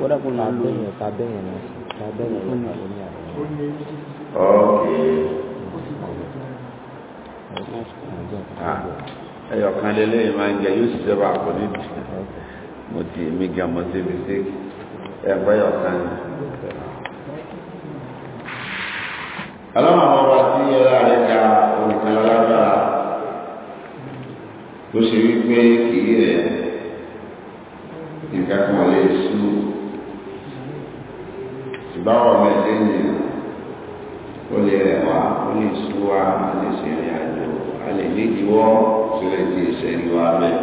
wọ́n dàpọ̀ náà lóyún. tabẹ́yìn tabẹ́yìn náà sí tabẹ́yìn náà ló ní àwọn. ok. ẹyọ kan lélẹ́yìn máa ń jẹ yóò ṣiṣẹ́ bá àpò nídìí mo ti mi gan mo ti fi sí ẹgbẹ́ ẹyọ kan ni. ọlọ́run àwọn ọba tí ẹlá rẹ̀ ga òǹkan lágbára tó ṣe wípé kì í rẹ̀ nǹkan kan lè ṣe ṣùgbọ́n ọmọ ẹ̀dẹ́ ènìyàn ó lè rẹwà ó lè súwá a lè ṣe ìrìn àjò a lè nídìíwọ́ sílẹ̀ tí ìṣe ìwà bẹ́ẹ̀.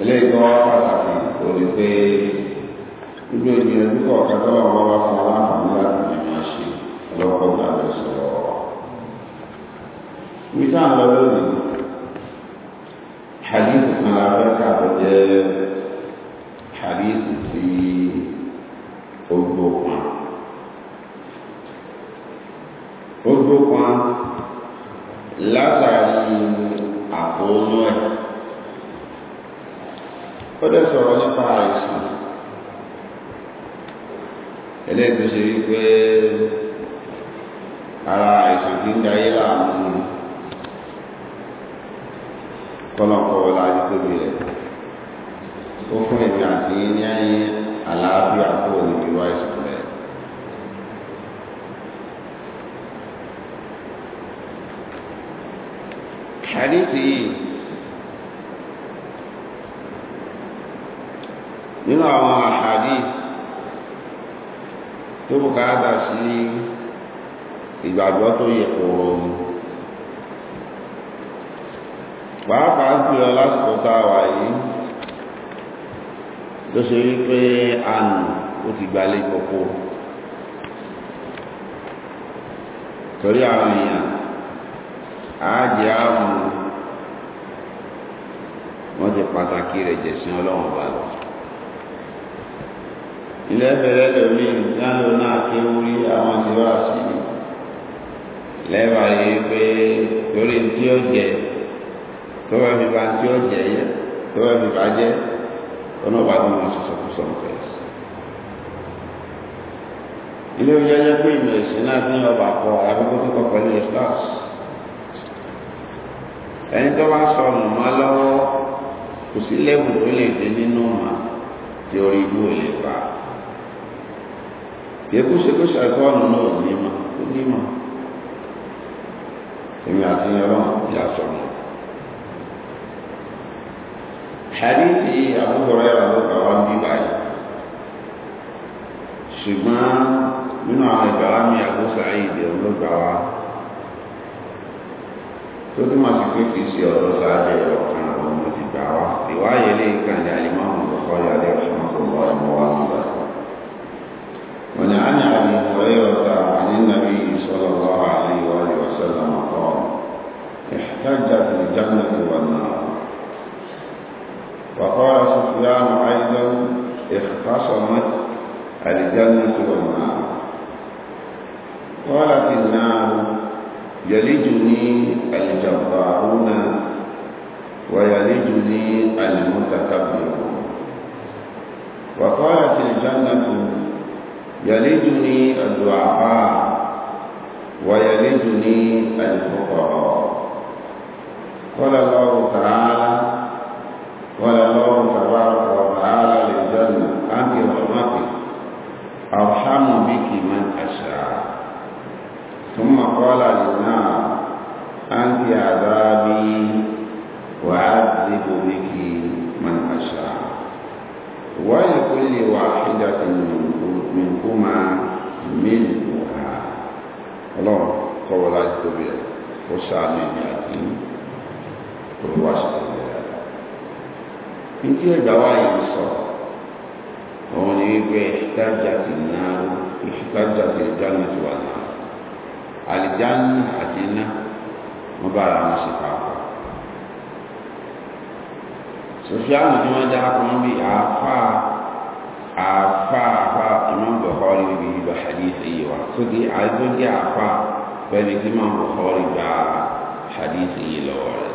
eléyìí tó wá pàtàkì kò ní pé gbogbo ìgbìyànjú kọ̀ọ̀kan tó lọ́wọ́ bá fún aláǹfààní láti lè máa ṣe ọlọ́pọ̀ gbà lọ sọ̀rọ̀. ibi táà lọ lónìí hadith kan la fẹ́ kà tó jẹ́ oòrùn ẹ̀ ó dẹ̀ sọ̀rọ̀ nípa àìsàn ẹlẹ́gbẹ̀ẹ́ ṣe rí pé ara àìsàn tí ń da ayé láàmú kọ́lọ̀kọ́ láti tóbi rẹ̀ ó fún ẹ̀mí àti ní àlàáfíà kúrò níbi wáìsàn hadith yìí nínú àwọn hadith tó bùkátà sí ìgbàgbọ́ tó yẹ kòrò pàápàá jùlọ lásìkò tá a wà yìí ló ṣe wípé àánú ó ti gbalẹ̀ kókó torí àwọn èèyàn àájẹ́ àwọn pàtàkì rẹ̀ jẹ̀sìn ọlọ́run bá lọ. ilé bẹ̀rẹ̀ lómi ìdáná náà kí ó rí àwọn tí wà sí i lẹ́bàá yìí pé lórí tí ó jẹ tó bá fi bá tí ó jẹ yẹ tó bá fi bá jẹ ọ̀nà bá tó wọn sọ̀sọ̀ kú sọ̀rọ̀ fẹ́ẹ́sì. ilé ìjọ jẹ́ pé ìmọ̀ ẹ̀sìn náà fi ọba kọ àbíkó tó kọ pẹ̀lú ìfúláṣì ẹni tó bá sọnù mọ́ lọ́wọ́ kò sí lẹ́wù tó lè dé nínú ọ̀mà tí orí ibú ò lè fà á yẹkú ṣe kó ṣàkóọ́nù náà nímọ̀ ó nímọ̀ èmi àti ọlọ́run ìyá sọ̀rọ̀ hadithi Abu Hurairah ló kà wá bí báyìí ṣùgbọ́n nínú àwọn ìgbàlá mi Abu Sa'id ló gbà wá tó túmọ̀ sí pé kì ṣe ọ̀rọ̀ sáájú ọ̀rọ̀ رواية إليك عن الإمام البخاري عليه رحمة الله وعافاه ولعن أبي هريرة عن النبي صلى الله عليه وآله وسلم قال احتجت الجنة والنار وقال سفيان أيضا اختصمت الجنة والنار قالت النار يلجني الجبارون ويلجني المتكبر وقالت الجنة يلجني الدعاء ويلجني الفقراء قال الله تعالى قال الله ṣàánú ìyá àti olúwaṣẹ ìlera ní tí ẹgbà wá yìí sọ òun ni wípé ìṣìtájà ti náà ìṣìtájà ti ìjánà ti wà náà àlìjánà àti iná wọn bá ara wọn ṣe pàápàá sòfíàmù tí wọn dá kan bí àáfàá àáfàá àfa Imam Bukhari níbi ìgbà hadith yìí wa tó di àìtó jẹ àáfàá pẹ̀lú Imam Bukhari gbàá hadith yìí lọ́wọ́ rẹ̀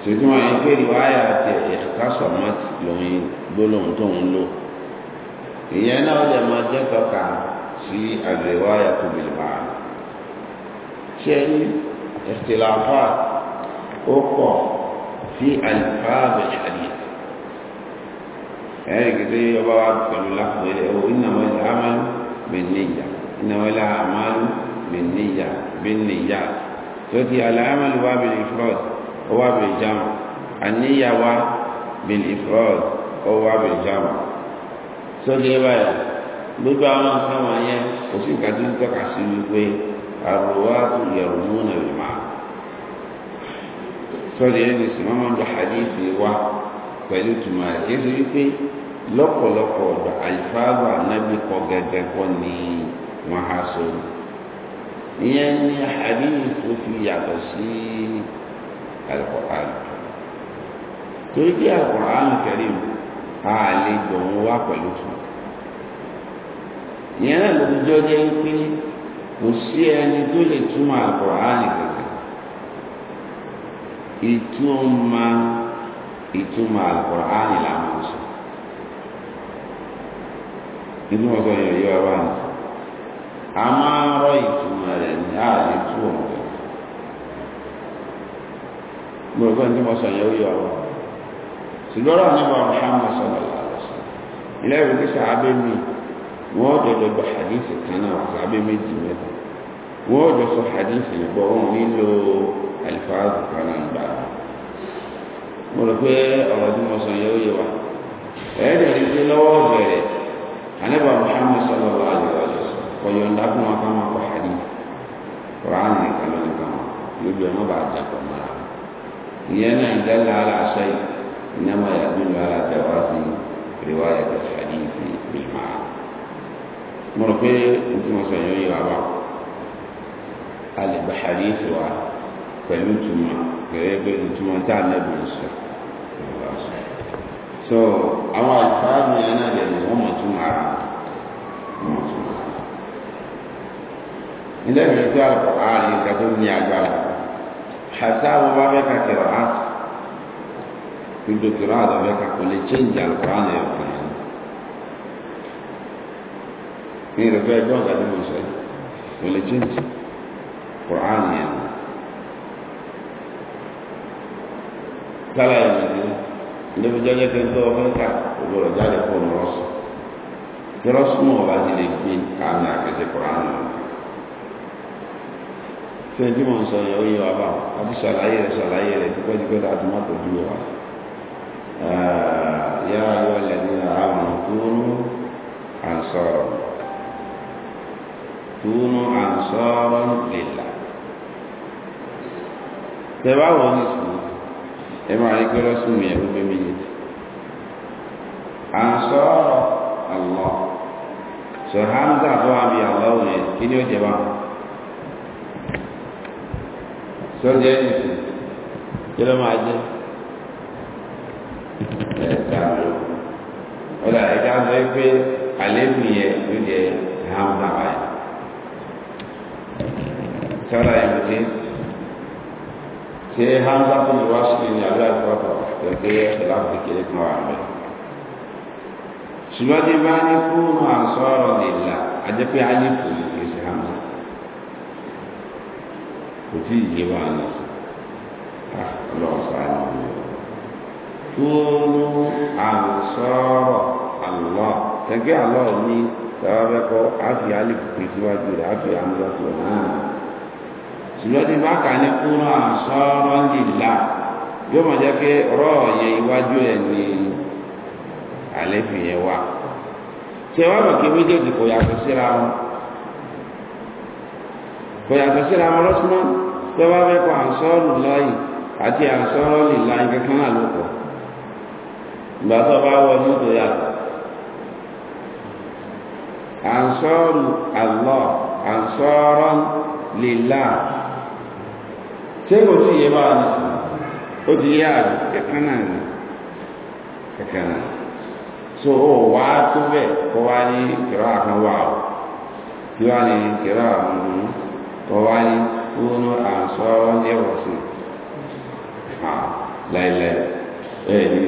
tuntun wọn yìí pé ìwáyà àti ẹ̀ka sọ̀mọ́tì lóyún gbólóhùn tó ń lò ìyẹn náà ó lè máa jẹ́ tọ́ka sí àgbèwáyà tó bìlì máa ṣe ní ìtìláfà ó pọ̀ sí àlìfáàbẹ̀ ìhàdí ẹ̀rì kìtì ọba wa pẹ̀lú lápò ó ìnáwó ilẹ̀ àmàlù bẹ̀ níyà ìnáwó ilẹ̀ àmàlù bẹ̀ níyà بالنيات توتي العمل وبالإفراد وبالجمع النية وبالإفراد وبالجمع سوتي بايا gbogbo àwọn nǹkan wọ̀nyẹn kò sí nǹkan tó ń tọ́ka sí wípé àrùwá tó yẹ̀rù múnà lè máa sọ́dọ̀ yẹn ní sùn wọ́n máa ń lo hadith wa pẹ̀lú tùmọ̀ rẹ̀ kí n sì wípé lọ́pọ̀lọpọ̀ ìyẹn ní hadith ó fi yàtọ̀ sí Al-Qur'an torí pé Al-Qur'an Karim a lè gbọ̀n wá pẹ̀lú tún ìyẹn náà ló fi jọ jẹ́ pé kò sí ẹni tó lè túmọ̀ Al-Qur'an kankan ìtumọ̀ ìtumọ̀ Al-Qur'an làwọn sọ yẹn yọ ẹ wá ní a máa ń rọ ìtumọ̀ rẹ̀ ní ààrẹ tó wọn fẹ́ mo rò pé ní mo sọ yẹn ó yọ ọ ṣùgbọ́n ọ̀rọ̀ nípa Muhammad sallallahu alaihi wasallam ilé ìwé kí sàábé mi wọ́n dọ̀dọ̀ gba hadith kan náà sàábé méjì mẹ́ta wọ́n jọ sọ hadith yẹn bọ́ wọn nílò alifáàzù kan náà gbà mo rò pé ọ̀rọ̀ tí mo sọ ó yẹ wa ẹ̀ẹ́dẹ̀ẹ́dẹ́ lọ́wọ́ bẹ̀rẹ̀ anábà Muhammad sallallahu alaihi yọ̀ǹda fún wọn fáwọn ọkọ̀ àdí ọ̀rán nìkan ló nìkan wọn lójú ọmọ bá jà pọ̀ mọ́ra ìyẹn náà dẹ́là aláṣẹ ìnáwó yàgbìnú aláṣẹ wá sí ìrìwá yàtọ̀ àdí ìsìn ìgbìmọ̀ àá mo rò pé o tí mo sọ yẹn yẹ wàá a lè gba hadith wa pẹ̀lú ìtumọ̀ gẹ́gẹ́ bí ìtumọ̀ tá a nẹ́bi sọ so àwọn àlùfáà mi yẹn náà lè wọ́n mọ̀ tún ara wọ́n mọ̀ tún. ilé ìrìn pé Al-Qur'an nǹkan tó ní agbára hasa wo bá fẹ́ ka kẹrọ á gbogbo kẹrọ àti ọ̀fẹ́ ka kò lè change Al-Qur'an ní ọ̀kan yẹn ní ìrẹ̀fẹ́ ẹgbẹ́ ọ̀gá tí mo sọ yìí kò lè change Qur'an yẹn sálà yẹn nìyí níbi jẹjẹ pé tó ọfẹ́ ká ògbọ́dọ̀ jáde fún ọmọ rọ́ọ̀sì tí rọ́ọ̀sì mọ̀ ọ̀bá ti lè gbé kàmì àkẹsẹ̀ Qur'an náà tí ẹjú mọ̀ ń sọ yẹn ó yẹ wà bá àti ṣàlàyé rẹ̀ ṣàlàyé rẹ̀ dúpẹ́ dúpẹ́ tó àti mọ́tò ju wa yá ayọ́ lẹ́dínà àwọn kúrú àǹsọ̀rọ̀ kúrú àǹsọ̀rọ̀ lèlà tẹ́ wọ́n ní sùn ẹ máa rí pé lọ́sùn mi ẹ̀rú pé méjèèjì àǹsọ̀rọ̀ àlọ́ sọ̀hámsà tó wà àlọ́ yẹn kí ni ó jẹ báwọn tó ń jẹ nìsí kí ló máa jẹ ẹ̀ka ọ̀dà ẹ̀ka sọ pé àlébù yẹn ló jẹ hàmà báyìí sọ́dà yẹn ti ṣe hàmà tó lè wá sí ní abúlé àgbàpọ̀ pẹ̀lú ẹ̀ka kékeré kan wà lọ́wọ́ ṣùgbọ́n tí bá ní kúrò àṣọ ọ̀rọ̀ nìlà àjẹpẹ́ alẹ́ kùnú. kò tí ì yé wa lọ ah, ọlọ́run sàánù mi kúrú àǹsọ́rọ̀ àlọ́ tẹ̀gbẹ́ àlọ́ ní tẹ́wàbẹ́kọ́ àfi alìpùpù síwájú rẹ̀ àfi àmúlọ́pọ̀ náà ṣùgbọ́n tí bá kà ní kúrú àǹsọ́rọ̀ lìlá yóò mọ̀ jẹ́ pé rọ́ọ̀yẹ iwájú ẹ̀ ní àlẹ́fì yẹn wà tẹ́wàbọ̀ kí méjèèjì kò yàtọ̀ síra wọn kò yàtọ̀ síra wọn lọ́sùmọ́ tọ́wọ́ rẹ́pọ̀ àǹsọ́ọ̀lù lọ́yì àti àǹsọ́ọ̀lù láì kankan náà ló pọ̀ ìgbà tó bá wọ mọ́tò yàtọ̀ àǹsọ́ọ̀lù àlọ́ àǹsọ́ọ̀rọ̀ lèlá ṣé kò sí yé báwa ní sùn ó ti yá àrùn kankan náà ní kankan náà so ó wá tó bẹ́ẹ̀ kó wá ní kìrọ̀ àkànwá o kí wá ní kìrọ̀ àwọn ọmọ kó wá ní kúnú àǹsọ́rọ́ ní ẹ̀wọ̀sì láìláì ẹ̀ ní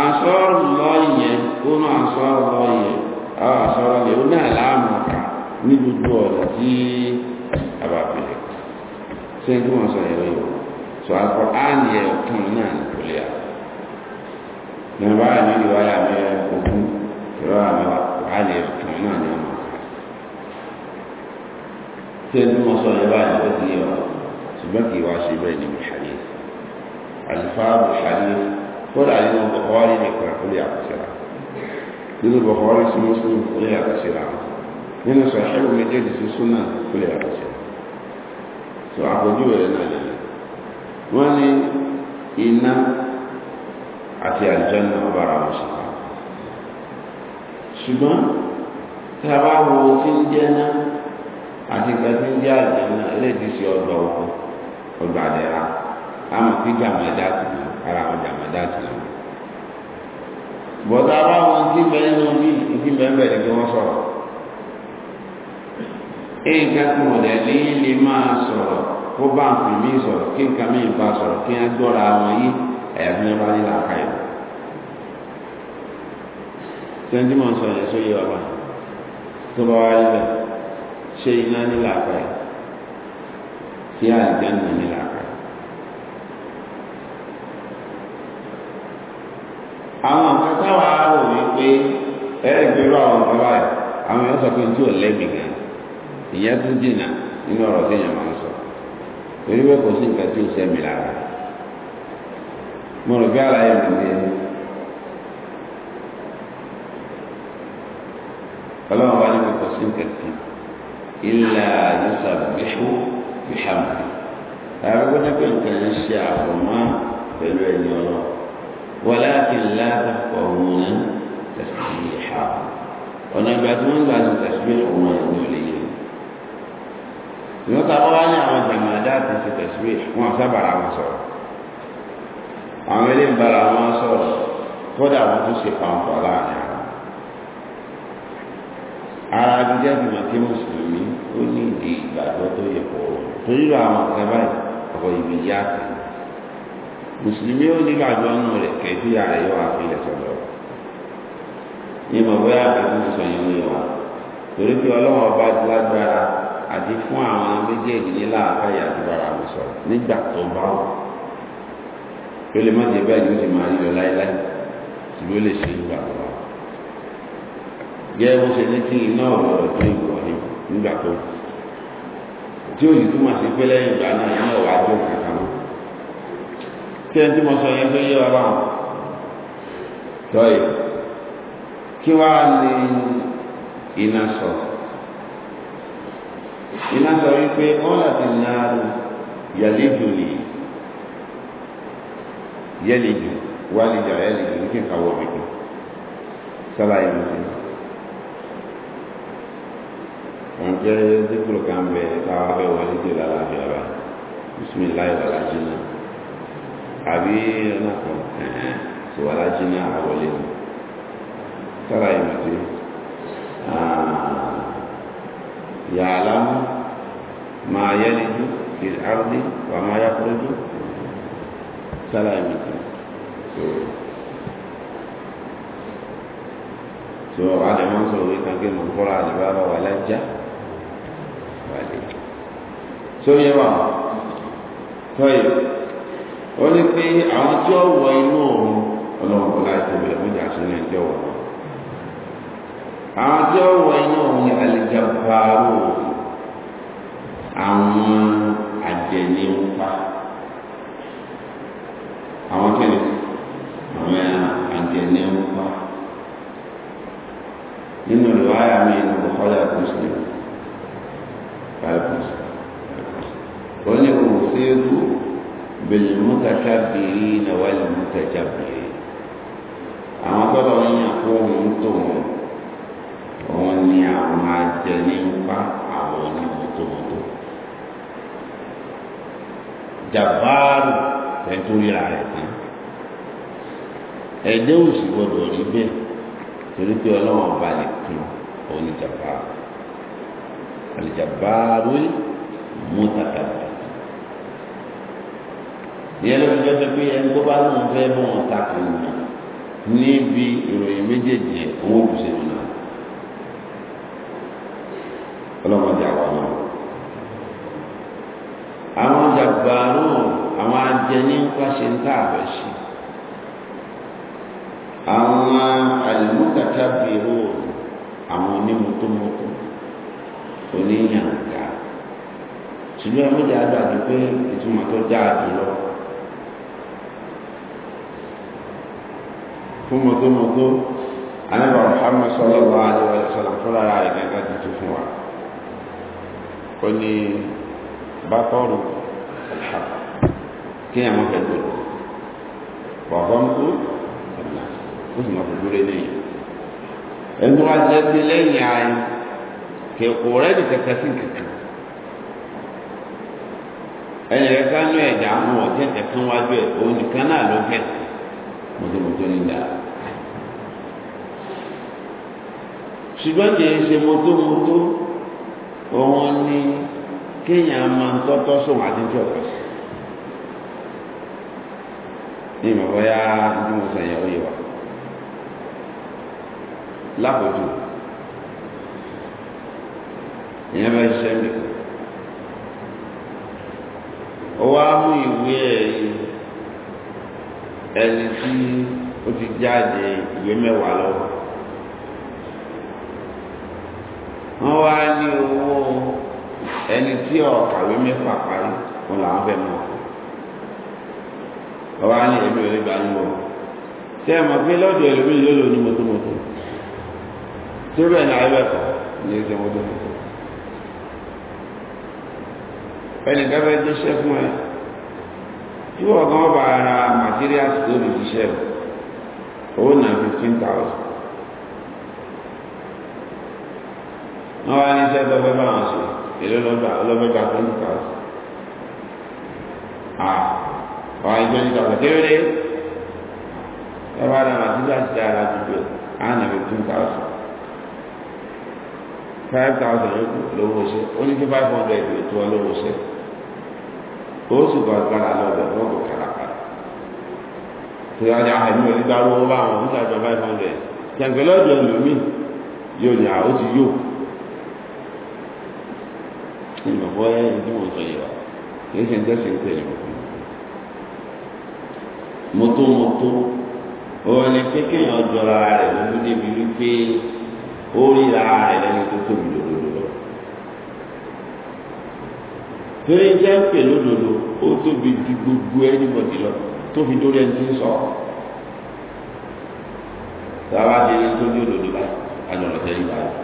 àǹsọ́rọ́ lọ́yẹ̀ kúnú àǹsọ́rọ́ lọ́yẹ̀ àǹsọ́rọ́ lọ́yẹ̀ ó náà láàmú ọ̀ka ní gbogbo ọ̀nà tí a bá bẹ̀rẹ̀ ṣé kí wọ́n sọ ẹ̀rọ yìí sọ àpọ̀ á ní ẹ̀ ọ̀kan náà ní kòlẹ́ à nàbàrà mi ni òkú ìrọ̀ àmì wà á ẹ̀ ọ̀kan náà ní ọmọ tí ẹni mọ̀ sọ yẹn báyìí ó ti yẹ ọ ṣùgbọ́n kì í wá ṣe bẹ́ẹ̀ nínú hadith alifáàbù hadith kódà nínú Bukhari nìkan ó lè àkọsíra nínú Bukhari sí Muslim ó lè àkọsíra nínú sọ̀ṣẹ́wò méjèèjì sí súnà ó lè àkọsíra àpọ̀jù rẹ̀ náà lè wọ́n ní iná àti àlùjànnà ọba wọn ṣùgbọ́n tí a bá wo tí ń jẹ́ náà àti ìgbàgbé ń jẹ́ àjẹ́ náà eléyìí sí ọ̀dọ̀ ọkọ̀ ọ̀dọ̀ àdẹ́ra àmọ̀ pé jàmọ̀dá ti lọ ara àwọn jàmọ̀dá ti lọ. bọ̀dá bá wọn ti bẹ nínú bí ìdí mẹ́mẹ́ ni kí wọ́n sọ̀rọ̀. nǹkan tí mo dẹ̀ ní lè máa sọ̀rọ̀ kó bá ń fi mí sọ̀rọ̀ kí nǹkan mi bá sọ̀rọ̀ kí wọ́n gbọ́ra àwọn yí àyàfi wọn bá nílà káyọ̀. sọ̀rọ̀ ẹ̀ sóyè wà báyìí tó bá wá bẹ́ẹ̀ ṣé iná ní في ṣé àlìjáná ní làákàyè. àwọn nǹkan táwa rò wípé ẹ̀rì gbèrú àwọn nǹkan báyìí àwọn yóò sọ pé tí ò lẹ́mìí gan ìyẹn tún jìnnà nínú ọ̀rọ̀ tí èèyàn máa ń sọ torí pé kò sí nǹkan tí ò sẹ́mi lára mo rò bí àlàyé mi ní ẹni. ọlọ́run bá ní pé kò sí nǹkan إلا نسبح بحمد أقول نبيل كنشي عفوما بلوين يولا ولكن لا تفقهون تسبيحا ونبعتون بعد تسبيح وما يدولي يطلعون عن جمادات في تسبيح ما سبع عمصر عملين برا عمصر خدعوا تسبيحا فلانا ara jíjẹ́ ìgbìmọ̀ tí mùsùlùmí ó ní ìdí ìgbàgbọ́ tó yẹ kó torí lọ àwọn ọ̀sẹ̀ báyìí ọ̀pọ̀ ìbí yá sí mùsùlùmí ó ní ìgbàgbọ́ nù rẹ̀ kẹfí ààrẹ yóò wá fi lẹ́sọ̀dọ̀ ní mọ̀ bóyá àbẹ̀tún sọ yẹn ní wa torí pé ọlọ́wọ́ bá lágbára àti fún àwọn méjèèjì ní láàbáyà àdúrà mi sọ nígbà tó bá wù tó lè má jẹ bẹ́ẹ̀ ni ó sì máa gẹ́gẹ́ bó ṣe ní kí iná ọ̀rọ̀ rẹ̀ fún nígbà tó tí ó sì túmọ̀ sí pé lẹ́yìn ìgbà náà iná ọ̀wá jó kàkà mọ́ tí ẹni tí mo sọ yẹn pé yé wa báwọn tọ́yì kí wá ní iná sọ iná sọ wípé wọ́n láti náàrú yàlejò lè yẹlejò wálejò yẹlejò ní kíkà wọ̀ mí sálàyé mi sí i. ǹjẹ́ díkùrù kan bẹ táwa fẹ́ wọlé dè lálàáfíà báyìí bisimilayi wàlájí náà àbí ẹnàkọ̀ ẹ̀hẹ́n tí wàlájí náà àwọlé ni sára ìmọ̀tí yàlámù máa yẹ́lẹ́jú fìlì àrùdí wà máa yá kúrẹ́jú sára ìmọ̀tí so àdèmọ́sọ̀rọ̀ wíkan kí mọ̀ kọ́ra àdèbára wà lájá àlejò tó yẹ wà tọ́yì ó ní pé àwọn tí ó wọ inú òun ọlọ́run láti tóbi ẹ̀ fúnjà sí ní wọn àwọn tí ó wọ inú òun àlejò bàárò àwọn àjẹnípa àwọn tí fẹ́ tó ríra rẹ̀ sí. ẹ̀dẹ́ òsì gbọdọ̀ rí bẹ́ẹ̀ torí pé ọlọ́wọ́n ọba nìkan oníjàmbá àlìjàmbá lórí mútàkàtà. ìyẹn ló fi jẹ́ pé ẹni tó bá lóun fẹ́ bọ́ wọn takò níbi ìròyìn méjèèjì ẹ̀ owó kùsẹ̀ nù ṣe ń tààbẹ̀ ṣe àwọn àlùmọ́kàtà bìrò àwọn onímọ̀tòmọ́tò oníyànga ṣùgbọ́n ẹ̀mí dáadáa dùn pé ìtumọ̀ tó dáa jùlọ fún mọ̀tòmọ́tò anábà Muhammad sallallahu alaihi wa sallam fúnra rẹ̀ gẹ́gẹ́ ti tu fún wa ó ní bátọ́rù alhaq kí ẹ̀mọ́ fẹ́ gbogbo wàhọ́nkú ẹ̀là ó sì máa fojú rẹ lẹ́yìn ẹni tó wá jẹ́ sí lẹ́yìn ayé kì kò rẹ́dì kẹ̀kẹ́ sí kẹ̀kẹ́ ẹni kẹ̀kẹ́ nú ẹ̀dá àwọn ọ̀jẹ́ kẹ̀kẹ́ wájú ẹ̀ òun nìkan náà ló jẹ́ mọ̀tòmọ̀tò ní ìdá ṣùgbọ́n kì í ṣe mọ́tòmọ́tò òun ni kéèyàn máa ń tọ́tọ́ sóhun àti tí ọ̀kan ní ìmọ̀ bóyá ní mo sàn yẹn ó yẹ wa lápòjù ìyẹn bá ṣiṣẹ́ mi kan ó wá mú ìwé ẹ̀rí ẹni tí ó ti jáde ìwé mẹ́wàá lọ́wọ́ wọ́n wá ní owó ẹni tí ọ̀kàwé mẹ́fà parí wọn làwọn fẹ́ mú ọwọ́ á ní èmi ò lè gbà yín wọ̀ ṣé ẹ mọ̀ pé lọ́dọ̀ ẹlòmíì yóò lò ní mọ̀tòmọ̀tò ṣé bẹ́ẹ̀ ni àyẹ̀wò ẹ̀kọ́ ní ṣe mọ̀tòmọ̀tò ẹnì kan fẹ́ jíṣẹ́ fún ẹ tí wọ́n gan bá ara materials tó lè jíṣẹ́ owó náà fifteen thousand. wọ́n wá ní iṣẹ́ tó fẹ́ bá wọn ṣe èlé lọ́gbà twenty thousand. Ah gani daga daidai ya ba da masu za su tsaya lati biyu a hana 15,000 5,000 yóò lówó ṣe ó ní kí 500 yóò tó ọ lówó ṣe ó sì gbọ́ agbára lọ́dọ̀ wọ́n kò kára padà tó yájá ẹ̀mí onígbà owó bá wọn nígbà jọ 500 kẹ̀kẹ́ lọ́dọ̀ lómi yóò ní àwọn ti yóò ìmọ̀ bọ́yá ìdí wọn sọ yìí wa kì í ṣe ń tẹ́sí mọ́tòmọ́tò òun ni pé kéèyàn jọra rẹ̀ lójú débi wípé ó ríra rẹ̀ lẹ́nu tó tóbi lòdòdò lọ. torí jẹ́ pè lódòdò ó tóbi ju gbogbo ẹnìbọ̀dì lọ tó fi dórí ẹni tí ń sọ. sábà dé ní tó ní òdòdó báyìí àjọ̀rọ̀ tẹ́lẹ̀ báyìí.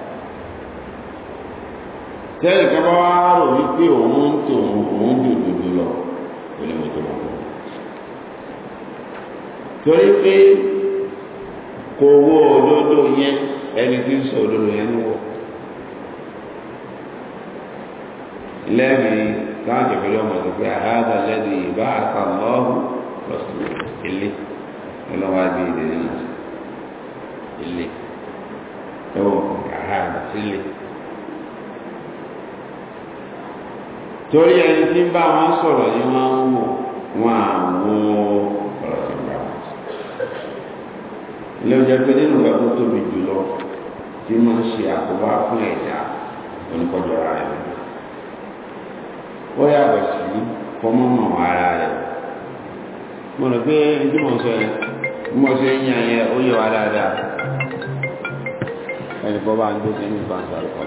tẹ́lẹ̀ kí wọ́n wá rò wípé òun ń tòun òun dòdòdò lọ kò ní mọ́tòmọ́tò torí pé kò wo òdodo yẹn ẹni tí ń sọ òdodo yẹn ń wọ̀ lẹ́mìí táwọn jẹ̀bẹ̀rẹ̀ ọmọ tó pé àhádà lẹ́nu ìbá àtàlọ́hù lọ́sùn ilé ọlọ́wà bí ilé náà ilé ẹwọ̀ àhádà sílé torí ẹni tí ń bá wọn sọ̀rọ̀ ni wọ́n ń wò wọn àwọn ilé ọjọ́ pé nínú ìgbà tó tóbi jùlọ tí máa ń ṣe àkóbá fún ẹ̀dá oníkọjọra rẹ̀ ó yàtọ̀ sí kọ́mọ́mọ́ ara rẹ̀ mo rò pé bí mo sọ yẹn mo ṣe ń yan ó yẹ wá dáadáa ẹnì kan bá ń gbé sínú ìbáǹsà lọ́kọ̀ọ́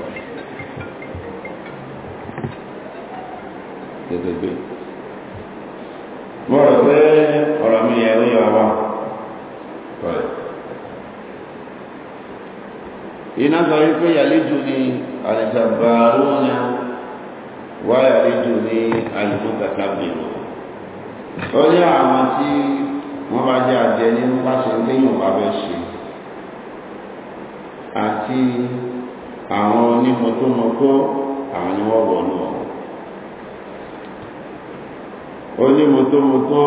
gẹ́gẹ́ gbé mo rò pé ọ̀rọ̀ mi yẹ ó yẹ wá wá. iná sọ wípé yàlejò ní àlìjàbàrú ní wá yàlejò ní àlìmọ́tàkàbìnà ó ní àwọn tí wọ́n bá jẹ́ àjẹ́ ní pàṣẹ téèyàn bá fẹ́ ṣe àti àwọn onímọ̀tòmọ̀tò àwọn ni wọ́n wọ̀ náà onímọ̀tòmọ̀tò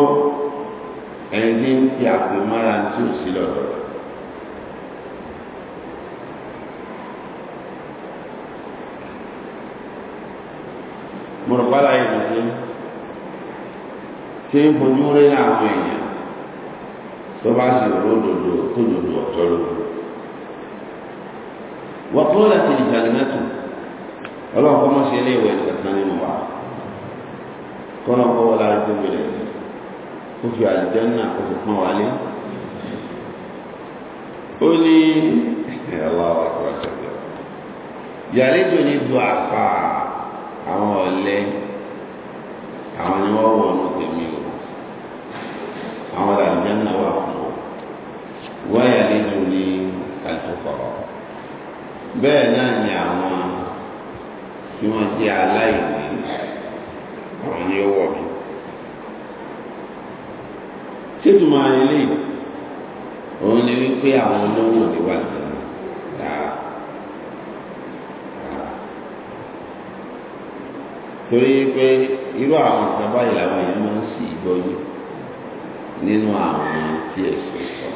ẹni tí ń fi àpè mára tí ò sí lọ́dọ̀ọ́ mọ̀rọ̀pálá ìwọ̀n sí ṣe ń fojú rí àwọn èèyàn tó bá sì rò lódodo tó dodo ọ̀tọ́ lódodo wọ́n kọ́ láti ìjàlímẹ́tò ọlọ́run kọ́ mọ́ sí ilé ìwẹ̀ ìtẹ̀kan nínú wa kọ́nà kọ́wọ́ lára tó gbèrè ó fi àlìjẹ́nà ó fi pọ́n wálé ó ní ẹ̀rọ àwọn akọ̀rọ̀ ṣẹ̀dọ̀ ní du àfáà ọ̀lẹ́ àwọn ni wọ́n wọ̀ ọ́nà tèmi o àwọn làjẹ́ náà wà fún ọ wáyà nínú ní àtúkọ̀ọ́ bẹ́ẹ̀ náà ni àwọn tí wọ́n jẹ́ aláìní àwọn ni ó wọ̀ mí ṣètùmọ̀ àyẹ̀lẹ́ òun ni wípé àwọn olówó ni wà ní. torí pé irú àwọn nǹkan báyìí làwọn èèyàn máa ń sì gbọ́ yìí nínú àwọn tí ẹ̀sìn sọ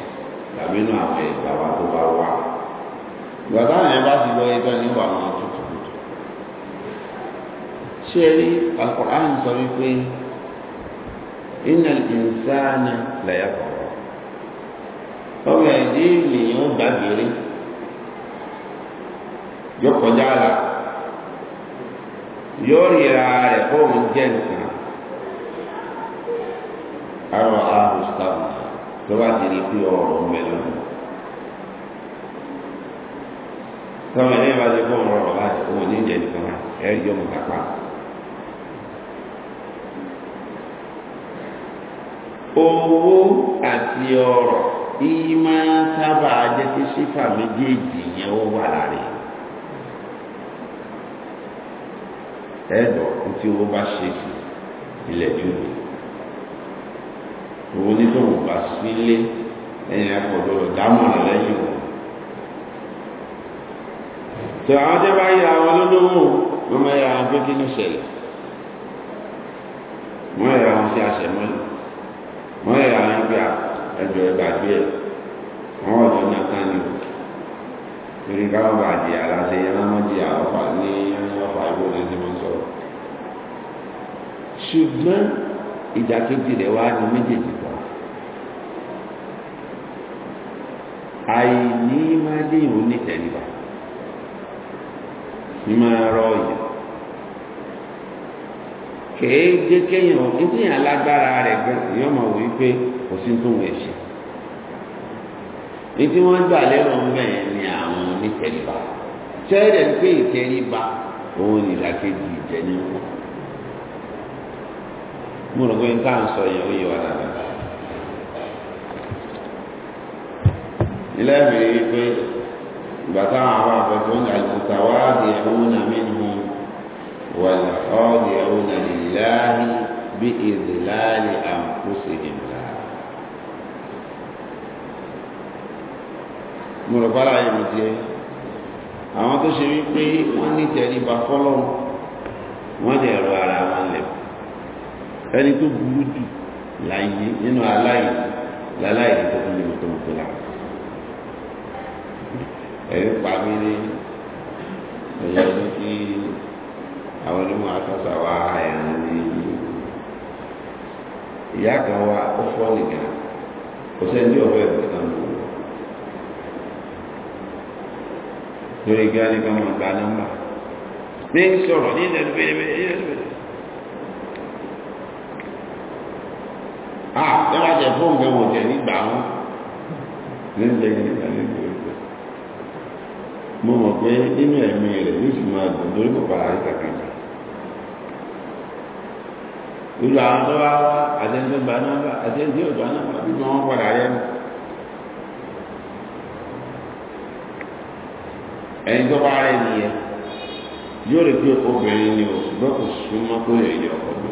tàbí nínú àwọn ẹ̀gbà wa tó bá wà ìgbà táwọn èèyàn bá ti gbọ́ tán níwọ̀ tuntun ṣé rí sọ wípé insana yóò ríra rẹ̀ fóun jẹ́ nǹkan àwọn ahùsàmù tó bá ti rí pé ọ̀rọ̀ ń bẹ lónìí tọ́mọ ẹni bá ti fóun rọrọ̀ láti fóun ní jẹ nìkan ẹ̀rí yóò mú kápá. owó àti ọ̀rọ̀ yìí máa ń sábà jẹ́ kí sífà méjèèjì yẹn ó wà láre. ẹ̀dọ̀ tí owó bá ṣe sí ilẹ̀ jùlọ owó ní tó wò bá sílé ẹ̀yìn ẹ̀kọ́dọ̀ dámọ̀ràn lẹ́yìn wọn. tó àwọn tẹ́ bá yà wọn lọ́dọ́wọ́ wọ́n máa yà wọn pé kí ló ṣẹlẹ̀ wọ́n yà wọn sí àṣẹ mọ́lẹ̀ wọ́n yà wọn gbé ẹ̀dọ̀ ẹ̀gbàgbé ẹ̀ wọ́n ọ̀dọ́ náà ká ní o torí ká má bàa jìyà láti yẹn má má jìyà ọ̀fà ní ọ̀fà ìwé náà ti máa sọ̀rọ̀ ṣùgbọ́n ìdàkejì rẹ̀ wá ní méjèèjì pọ̀ àìní máa dé ìwò nítẹ̀lébà ní máa rọ ọ̀yà kèé jẹ́ kéèyàn ní tíyàn rẹ̀ gan yọ́mọ̀ wípé kò sí tó wọ̀ ẹ̀ṣẹ̀ ní tí wọ́n gbà lẹ́rọ mẹ́rin ni àwọn onítẹ̀ríba tẹ́rẹ̀ pé ìtẹ̀ríba òun nìlàkejì ìtẹ̀ríba mo rò pé n tá à ń sọ yẹn ó yẹ wá dáadáa ilé wípé ìgbà táwọn àwọn àfẹ́fẹ́ ń gàlù tàwáàdì ẹ̀húnà mínú wàlẹ̀ ọ́ọ̀dì ẹ̀húnà lìláàrí bí ìdìláàrí àǹkóṣe ìmọ̀ mo rò pàrà ayé mi tiẹ̀ àwọn tó ṣe wípé wọ́n ní tẹríba fọ́lọ́ wọ́n dẹ̀ rọ ara wọn lẹ̀ ẹni tó burú jù láyé nínú aláìní láláìní tó fún mi tó mọ̀ tó láwọn ẹ̀rí pa mí ní ẹ̀yọ́ ní kí àwọn onímọ̀ àtàṣà wa ẹ̀rùn ní ìyá kan wa ó fọ́ nìkan kò sẹ́ni ọ̀fẹ́ ìgbà kan lórí gíga ní káwọn àgbà nọ́mbà ní sọ̀rọ̀ ní ìlẹ̀lú bèrèbèrè ní ìlẹ̀lú bèrè. a lọ́wọ́ àti ẹ̀fọ́ òun gẹ̀wò jẹ̀ nígbà wọn ní ìlẹ̀ nígbà nígbà nígbà mo mọ̀ pé nínú ẹ̀mí rẹ̀ yóò sì máa dùn lórí kò para àríkà kankan irú àwọn tó wá ẹni tó bá rẹ̀ nìyẹn yóò rí pé obìnrin ni o ṣùgbọ́n kò súnmọ́ kó lè yẹ ọkọ mi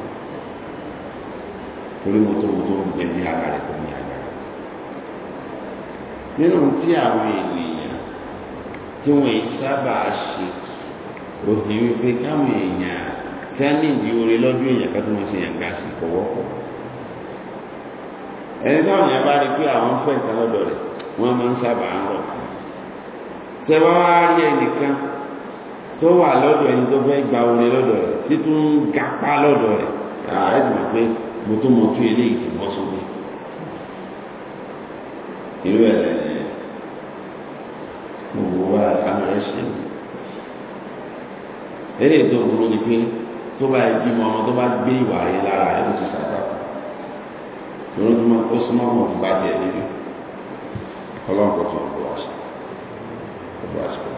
torí mo tó mo tó ń jẹ bí ara rẹ̀ kò ní agbára nínú tí àwọn ènìyàn tí wọ́n sábà ṣe òfin wípé káwọn èèyàn tí a ní ìdí orí lọ́dún èèyàn kan tó wọ́n ṣe yàn sí kọ̀wọ́kọ̀ ẹni táwọn èèyàn bá rí pé àwọn fẹ́ ìtàlọ́dọ̀ rẹ̀ wọ́n máa ń sábà ń rọ̀ fún tẹ́wá wá rí ẹnìkan tó wà lọ́dọ̀ ẹni tó fẹ́ gba orí lọ́dọ̀ rẹ̀ títún ń gapá lọ́dọ̀ rẹ̀ ààrẹ ti mọ̀ pé mo tó mọ tún eléyìí ti bọ́ sómi irú ẹ̀ gbogbo wa àwọn ẹ̀ ṣe eléyìí tó burú ni pé tó bá bímọ ọmọ tó bá gbé ìwà rẹ lára ẹ̀ ló ti ṣàtàkùn lórí tó máa kó súnmọ́ ọmọ tó níbi ọlọ́run kò sọ̀rọ̀ gbogbo àsìkò.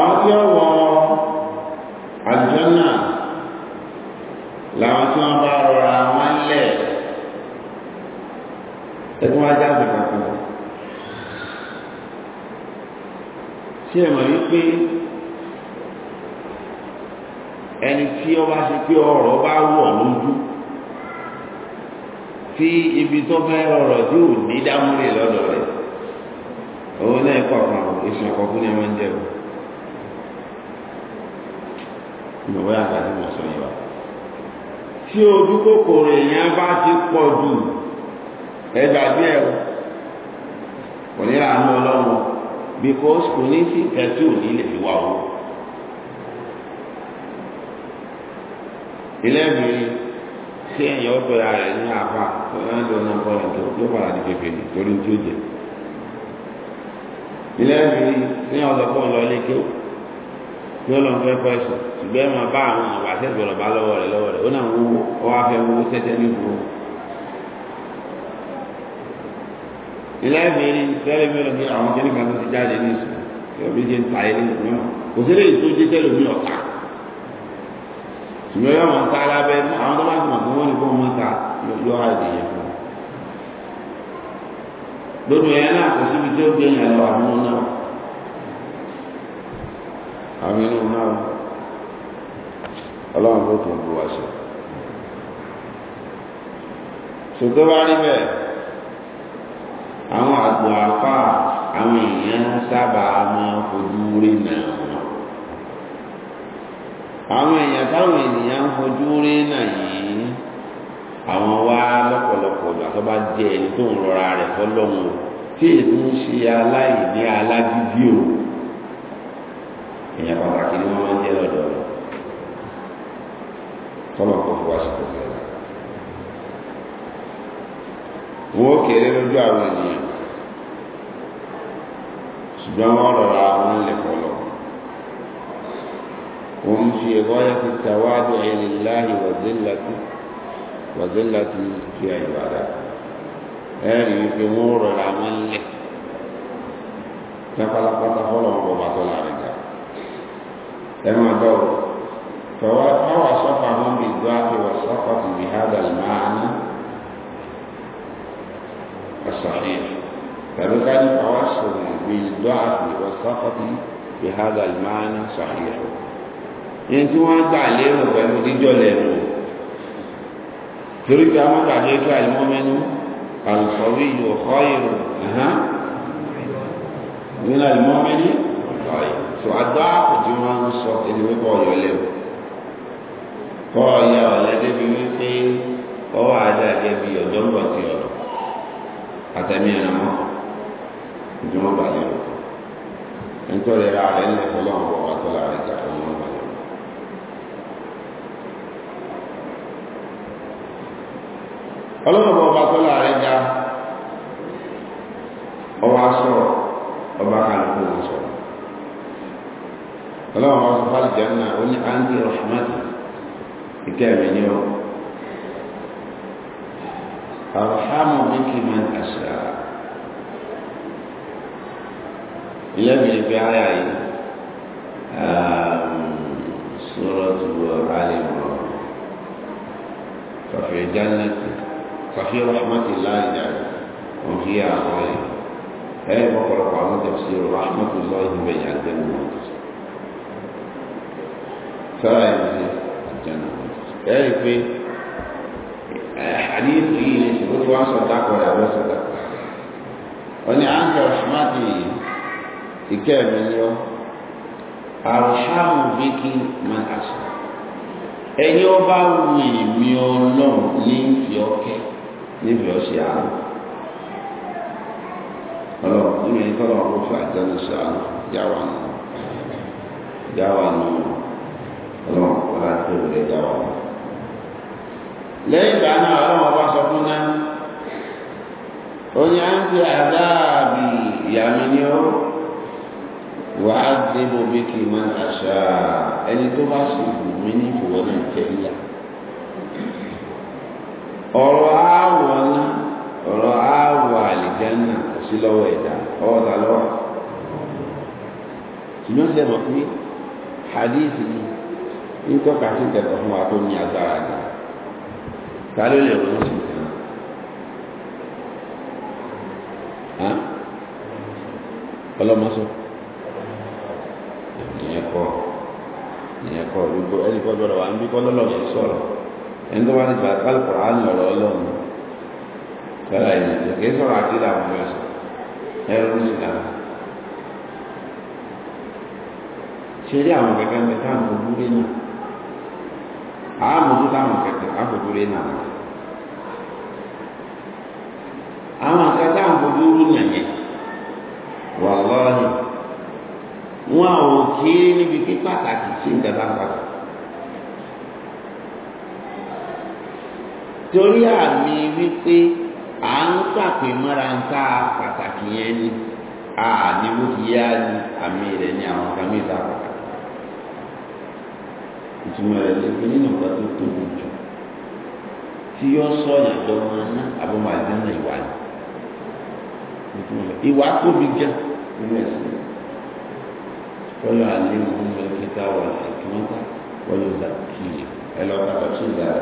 àwọn tí ó wọ àjọ́nà làwọn tí wọ́n bá rọra wọ́n lẹ̀ ẹgbọ́n ajá àgbàkàkùn tí ẹ mọ̀ wípé ẹni tí ó bá ṣe pé ọ̀rọ̀ bá wọ̀ lójú tí ibi tó fẹ́ rọrọ̀ yóò ní dámúrè lọ́dọ̀ rẹ̀ òun náà kọ̀ kan èsì ọ̀kọ̀kún ni wọ́n ń jẹ́ o ìwé àgbàdo mọ̀ sọ yẹn wa tí ojú kòkòrò èèyàn bá ti pọ̀ jù ẹgbàgbé ẹ̀ kò ní àánú ọlọ́run because kò ní sí kẹtí òní lè fi wà wọ́n. ilé ìbìrin tí ẹ̀yìn ọ̀dọ̀ ya rẹ̀ ní àbá tó ń lọ náà bọ́ ẹ̀ tó yóò padà ní pépè ní torí tí ó jẹ. ilé ẹ̀mí ní ọ̀dọ̀ pọ̀ lọ ilé kí ó yóò lọ fẹ́ kọ́ ẹ̀sùn ṣùgbọ́n ẹ̀ máa bá àwọn àwọn àṣẹ ìgbọ̀lọ̀ bá lọ́wọ́ rẹ̀ lọ́wọ́ rẹ̀ ó náà wú ọ wá fẹ́ wú tẹ́tẹ́ ní ìbúrò. ilé ẹ̀mí ní tẹ́lẹ̀ mi lọ àwọn kìnnìkan tó ti jáde ní ìsìn ìyẹn yóò máa ta alábẹ́ àwọn tó bá ti mọ̀ pé wọ́n ní kó máa ta yọ àìdè yẹn fún un. lónìí ẹ̀yẹn náà kò síbi tí ó gbé yẹn lọ àmínú náà àmínú náà ọlọ́run tó tún bu wá ṣe. bá rí bẹ́ẹ̀ àwọn àgbò àfáà àwọn èèyàn sábà máa fojú rí náà àwọn èèyàn táwọn ènìyàn ń fojú rí náà yìí àwọn wá lọ́pọ̀lọpọ̀ ìgbà tó bá jẹ́ ẹni tó ń rọra rẹ̀ fọlọ́run tí ètò ń ṣe aláìní alágídí o èèyàn pàtàkì ni wọ́n máa ń jẹ́ lọ́dọ̀ rẹ̀ tọ́lọ̀ kò fi wá ṣètò sí ẹ̀dá wọ́n kéré lójú àwọn ènìyàn ṣùgbọ́n wọ́n rọra wọn lẹ̀kọ́ من في غاية التواضع لله وذلة وذلة في عبادته هذه يعني جمهور العمل تقل تفلقت فلهم وبعض العرجاء كما دور فوصفهم بالذات والصفة بهذا المعنى الصحيح فبالتالي فوصفهم بالضعف والسقط بهذا المعنى صحيح yẹn tí wọ́n gbà lérò pẹ̀lú jíjọ́ lẹ́nu torí pé àwọn gbàgbé kí àìmọ́ mẹ́nu àlùsọ̀rí yóò kọ́ ìrò nínú àìmọ́ mẹ́ni tó àdá àpòtí wọn ń sọ ẹni wípé ọ̀yọ́ lẹ́wọ̀ kọ́ ọ̀yà ọ̀lẹ́dẹ́ bí wípé ọwọ́ àdá gẹ́bí ọ̀dọ́ ń bọ̀ ti ọ̀rọ̀ àtẹ̀mí ẹ̀rọ ìjọba lẹ́wọ̀ nítorí ara rẹ̀ ń lọ́wọ́ àtọ́lá rẹ̀ jàpọ̀ ọlọ́pàá ọba tọ́lá rẹ̀ dá ọwọ́ asọ̀rọ̀ ọba kálukú wọn sọ̀rọ̀ ọlọ́pàá ọba sọ̀rọ̀ alìjẹ́nà ó ní áńdí rahmatu ìkẹ́ mi ní ọ arhamu bíkì man àṣà ilé mi fi àyà yìí sọ̀rọ̀ tó wọ alẹ́ mọ́ ففي جنة ففي رحمة الله يعني وفي أعوالي هاي مقرأ على تفسير رحمة الله من يعدم المنتصر فلا يمسي الجنة ذلك في حديث فيه شروط وعن صدق ولا أبو صدق وأن عنك رحمتي إكام اليوم أرحم بك من أسر أيوبا ومي ميولون لين في أوكي níbi ọ̀sẹ̀ àánú ọlọ́run nínú ẹni tọ́lọ́ ọkọ̀ fún àjọyọ̀ sí àánú yáwà nù yáwà nù ọlọ́run kò láti rẹ̀ yáwà nù. lẹ́yìn ìgbà náà ọlọ́run ọba sọ fún náà ó ní ń fi àdáàbì ìyàmí ni ó wà á dé bó bí kì í máa àṣà ẹni tó bá sì wù mí ní ìfowó náà ọ̀rọ̀ sí lọ́wọ́ ẹ̀dá ọwọ́ ta lọ́wọ́ ṣùgbọ́n ṣe mọ̀ pé hadith yìí ń tọ́ka sí kẹ̀kọ́ fún wa tó ní agbára ga ta ló lè ronú sí kan ọlọ́mọsọ ìyẹn kọ́ ìyẹn kọ́ gbogbo ẹni kọ́ gbọ́dọ̀ wà ń bí kọ́ lọ́lọ́sọ sọ̀rọ̀ ẹni tó bá ní gbàgbọ́ àlùkò àánú ọ̀rọ̀ ọlọ́run tọ́lá ìyẹn kì í sọ̀rọ̀ àti ìlànà ọ̀rọ̀ ẹ̀sìn ẹrú ìsìlámù ṣe rí àwọn kẹkẹ ń bẹ táwọn fojú rí náà àmójú táwọn kẹkẹ àfojú rí náà àwọn kẹkẹ táwọn fojú rí náà uma wàlọ́ọ̀hìn wọn ò kí níbi kí pàtàkì sí nǹkan tá a pàtàkì. torí àmì sàpè mọ́ra ń ta pàtàkì yẹn ni a ní wó fi yá ní àmì rẹ̀ ní àwọn kàmí ìta pàtàkì ìtumọ̀ rẹ̀ lè fi nínú nǹkan tó tóbi jù tí yọ sọ ìyàjọ máa ná àbọ̀mọ̀ àdínà ìwà ni ìwà tóbi gan nínú ẹ̀sìn kọ́lá àlẹ́ mọ́ mẹ́kẹ́ta wà ìkìmọ́ta wọ́n yóò zà kíyè ẹ lọ́ọ́ bá tọ́ sí ìdára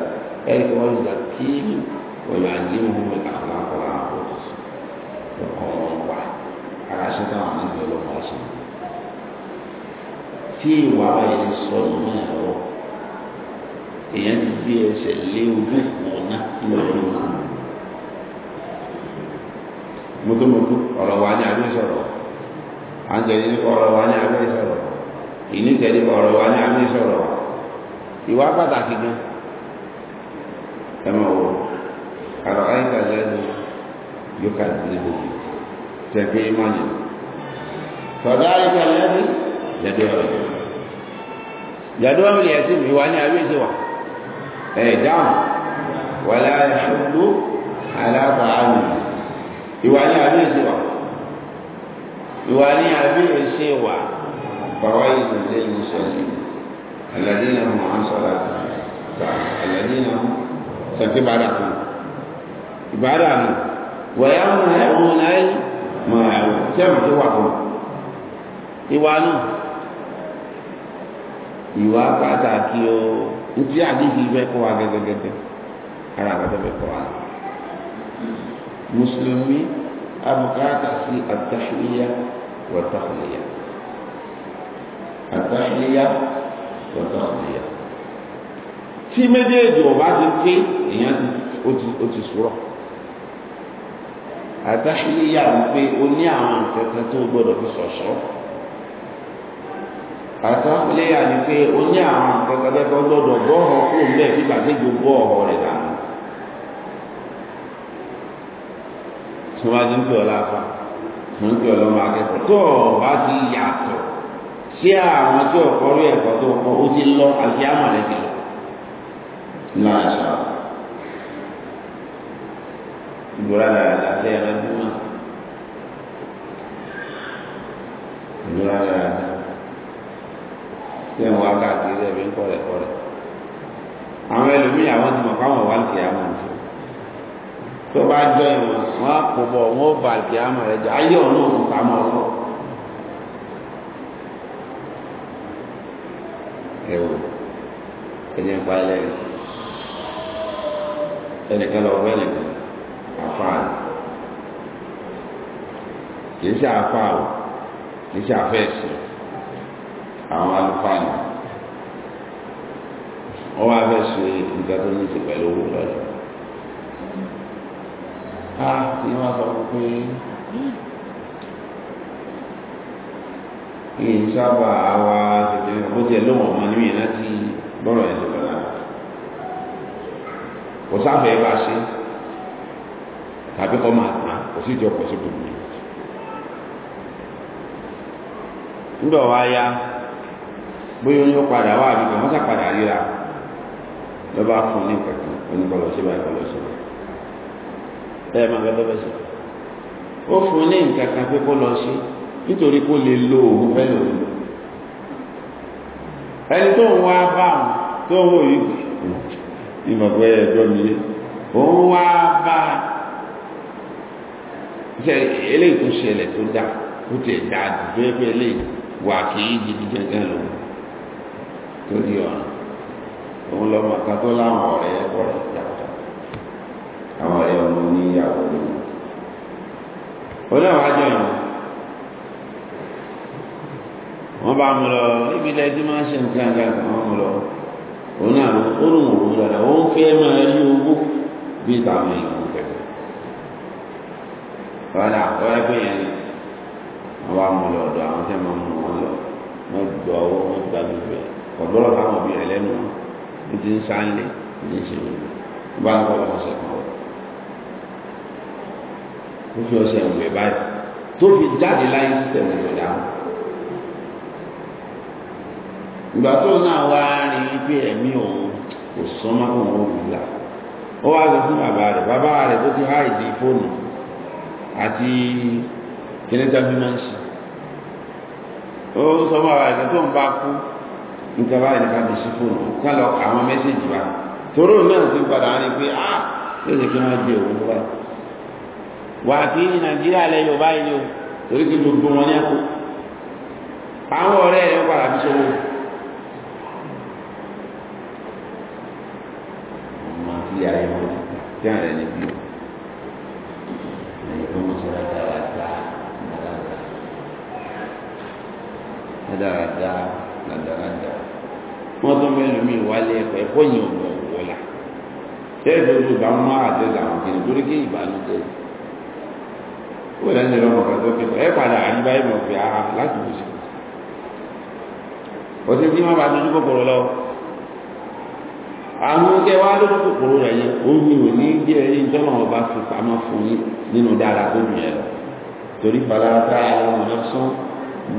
ẹ̀ kọ́ wọ́n zà kíyè wọ́n yóò àlẹ́ mọ́ mẹ́kẹ́ta. tí ìwà ẹ̀ sọnù náà lọ́wọ́ èèyàn ti gbé ẹsẹ̀ lé ojú ìpọ̀nà lọ́dún kan motomoto ọ̀rọ̀ wa ní abẹ́ sọ̀rọ̀ àǹtẹ̀lẹ́ nípa ọ̀rọ̀ wa ní abẹ́ sọ̀rọ̀ ìnítẹ̀lẹ́ nípa ọ̀rọ̀ wa ní abẹ́ sọ̀rọ̀ ìwà pàtàkì gan ẹ máa wọ àrọ̀ ayélujára yóò ká ìdílé tẹ̀pé ìmọ̀ nìyẹn tọ́jà ayélujára lẹ́bi lẹ́dọ̀ọ́ jàdúrà mi lè ẹsẹ̀ mi wà ní àbí ẹsẹ̀ wà ẹ̀ dáhùn wà láyé ṣubú aláàbà àmì ìwà ní àbí ẹsẹ̀ wà ìwà ní àbí ẹsẹ̀ wà bàbá yìí kò lè ní sọ́ọ̀lì aládìyàn mọ̀ án sọ̀rọ̀ ta aládìyàn sọ̀kí bàdà kan ìbàdà mi wọ̀yá mọ̀ ẹ̀rọ náà mọ̀ ẹ̀rọ tẹ́wọ̀n tó wà fún ìwà náà ìwà pàtàkì o ntí àdéhìí fẹ́ kọ́ wa gẹ́gẹ́gẹ́gẹ́ ara àgbàdo fẹ́ kọ́ wa. mùsùlùmí abùkátà sí àtàṣìlíyà wàtàkùnìyà àtàṣìlíyà wàtàkùnìyà. tí méjèèjì ọba ti pé èèyàn ó ti sùrọ̀ àtàṣìlíyà wípé o ní àwọn nǹkan kan tó gbọdọ̀ fi sọ̀sọ́ àtàn léyà ni pé ó ní àwọn akẹ́kọ̀ọ́ tó gbọ́dọ̀ bọ́ ọ̀hún kó ń bẹ̀ bí gbàgbéjò bọ́ ọ̀hún rẹ̀ dànù. tí wọ́n bá ti ń pè ọ́ láfa ń pè ọ́ lọ́mọ akẹ́kọ̀ọ́ tó o ti yàtọ̀ sí àwọn tí ọ̀kọ́ rí ẹ̀kọ́ tó kọ́ ó ti lọ àti àmàlẹ́ lọ. náà ṣá ìgbòrá lára láti ẹ̀rọ ẹ̀dúnmọ́ ìgbòrá lára láti tí wọn wá káàkiri ẹbí ń kọrẹ kọrẹ àwọn ẹlòmíì àwọn ti mọ káwọn wà lùkì àmọ́ ní tó bá jọ ìwọn wọn kò bọ wọn ó ba lùkì àmọ́ rẹ jẹ ayé ọ̀nà òkú pamọ́ ọ̀sán. ẹ ẹni ń pa ẹnìkan lọ wọ ẹnìkan àfáà kì í ṣe àfáà o kì í ṣe àfẹ́ ẹ̀sìn. àwọn alùpàá wọ́n wá fẹ́ ṣe nǹkan tó ní ṣe pẹ̀lú owó lọ́dọ̀ ti wọ́n sọ fún pé ìyẹn sábà wá tètè ó tiẹ̀ lóun ọmọ níbi yẹn láti bọ́rọ̀ ẹ̀ lọ́dọ̀ kò sáfẹ́ bá ṣe tàbí kọ́ máa tán kò sí ìjọ pọ̀ sí gbogbo ndị ọwa ya bóyá oyún padà wá àbíkọ wọn sàpadà ríra lọ bá fún ní kankan oníkọlọ sí báyìí kọlọ sí báyìí ẹ máa gbẹ lọbẹ sí ó fún ní nǹkankan pé kó lọ sí nítorí kó lè lo òun fẹ́ lòun ẹni tó ń wá bá òun tó ń wò yìí ìmọ̀ pé ẹjọ́ mi yé òun wá bá ṣe eléyìí tó ṣẹlẹ̀ tó dà ó tẹ̀ dáa dùn pé eléyìí wà kí yìí gidi gẹ́gẹ́ lòun tó di ọ̀nà òun lọ́mọ kan tó láwọn ọ̀rẹ́ pọ̀ rẹ̀ yàtọ̀ àwọn ọ̀rẹ́ ọmọ oníyàwó ni oníwàá jọ yàn wọ́n bá mú lọ ibi ilẹ̀ tí máa ń ṣe nǹkan kan wọ́n mú lọ òun náà ó lù wò ó lọ́dà ó ń fẹ́ máa rí owó bí táwọn èèyàn kẹ̀kẹ́ rárá ọ̀rẹ́ pé yẹn ni wọ́n bá mú lọ ọ̀dọ̀ àwọn tẹ́ máa mú wọn lọ wọ́n gbọ́ owó wọ́n gbàgbé bẹ́ẹ̀ ọ̀gbọ́n táwọn òbí rẹ̀ lẹ́nu ní ti ń sáńlé ní ṣe bá ń bọ̀ ọ̀sẹ̀ kan wọ̀ ó fi ọ̀sẹ̀ ìwé báyìí tó fi jáde láyé sísẹ̀mù ìyọ̀dá ìgbà tó náà wá rìn bí ẹ̀mí òun kò sọ́mọ́ fún òun òwúlà ó wá lọ fún bàbá rẹ̀ bàbá rẹ̀ tó ti háìdì fóònù àti kìnìtà mímọ́ ń ṣe ó sọ fún bàbá rẹ̀ tó ń bá kú nǹkan báyìí nípa bí sí fóònù ká lọ àwọn mẹ́sẹ̀jì wa tóró náà ti padà á ní pé á lóde kí wọ́n jẹ òun wá. wà á kí nàìjíríà lẹ yorùbá yìí ni o torí kí gbogbo wọn ní ẹ̀kọ́ àwọn ọ̀rẹ́ ẹ̀ padà fi sọ wọn. ọmọ àti ilé ayé wọn tí a rẹ̀ níbí o ẹ̀yìn tó ń sọ dáadáa dáadáa dáadáa wọ́n tún bẹ́ẹ̀ lómi ìwálé ẹ̀kọ́ ẹ̀kọ́ yìí ò mọ̀ wọ́ la tẹ́lẹ̀ tó gbogbo àwọn máa àtẹ́sí àwọn kìnnìún torí kí ìbànújẹ́ ó lẹ́nu ìlọ́mọ̀ kan tó kẹ́kọ̀ọ́ ẹ padà àdúgbà ìmọ̀ fi ara láti bù sí ó ti bí wọ́n bá dojú kòkòrò lọ àwọn kẹwa dojú kòkòrò rẹ̀ yẹn ó ní ò ní bí ẹni tọ́nà ọba fi pamọ́ fún yín nínú dára tó dùn yẹn lọ torí balata àwọn ọ̀nà sán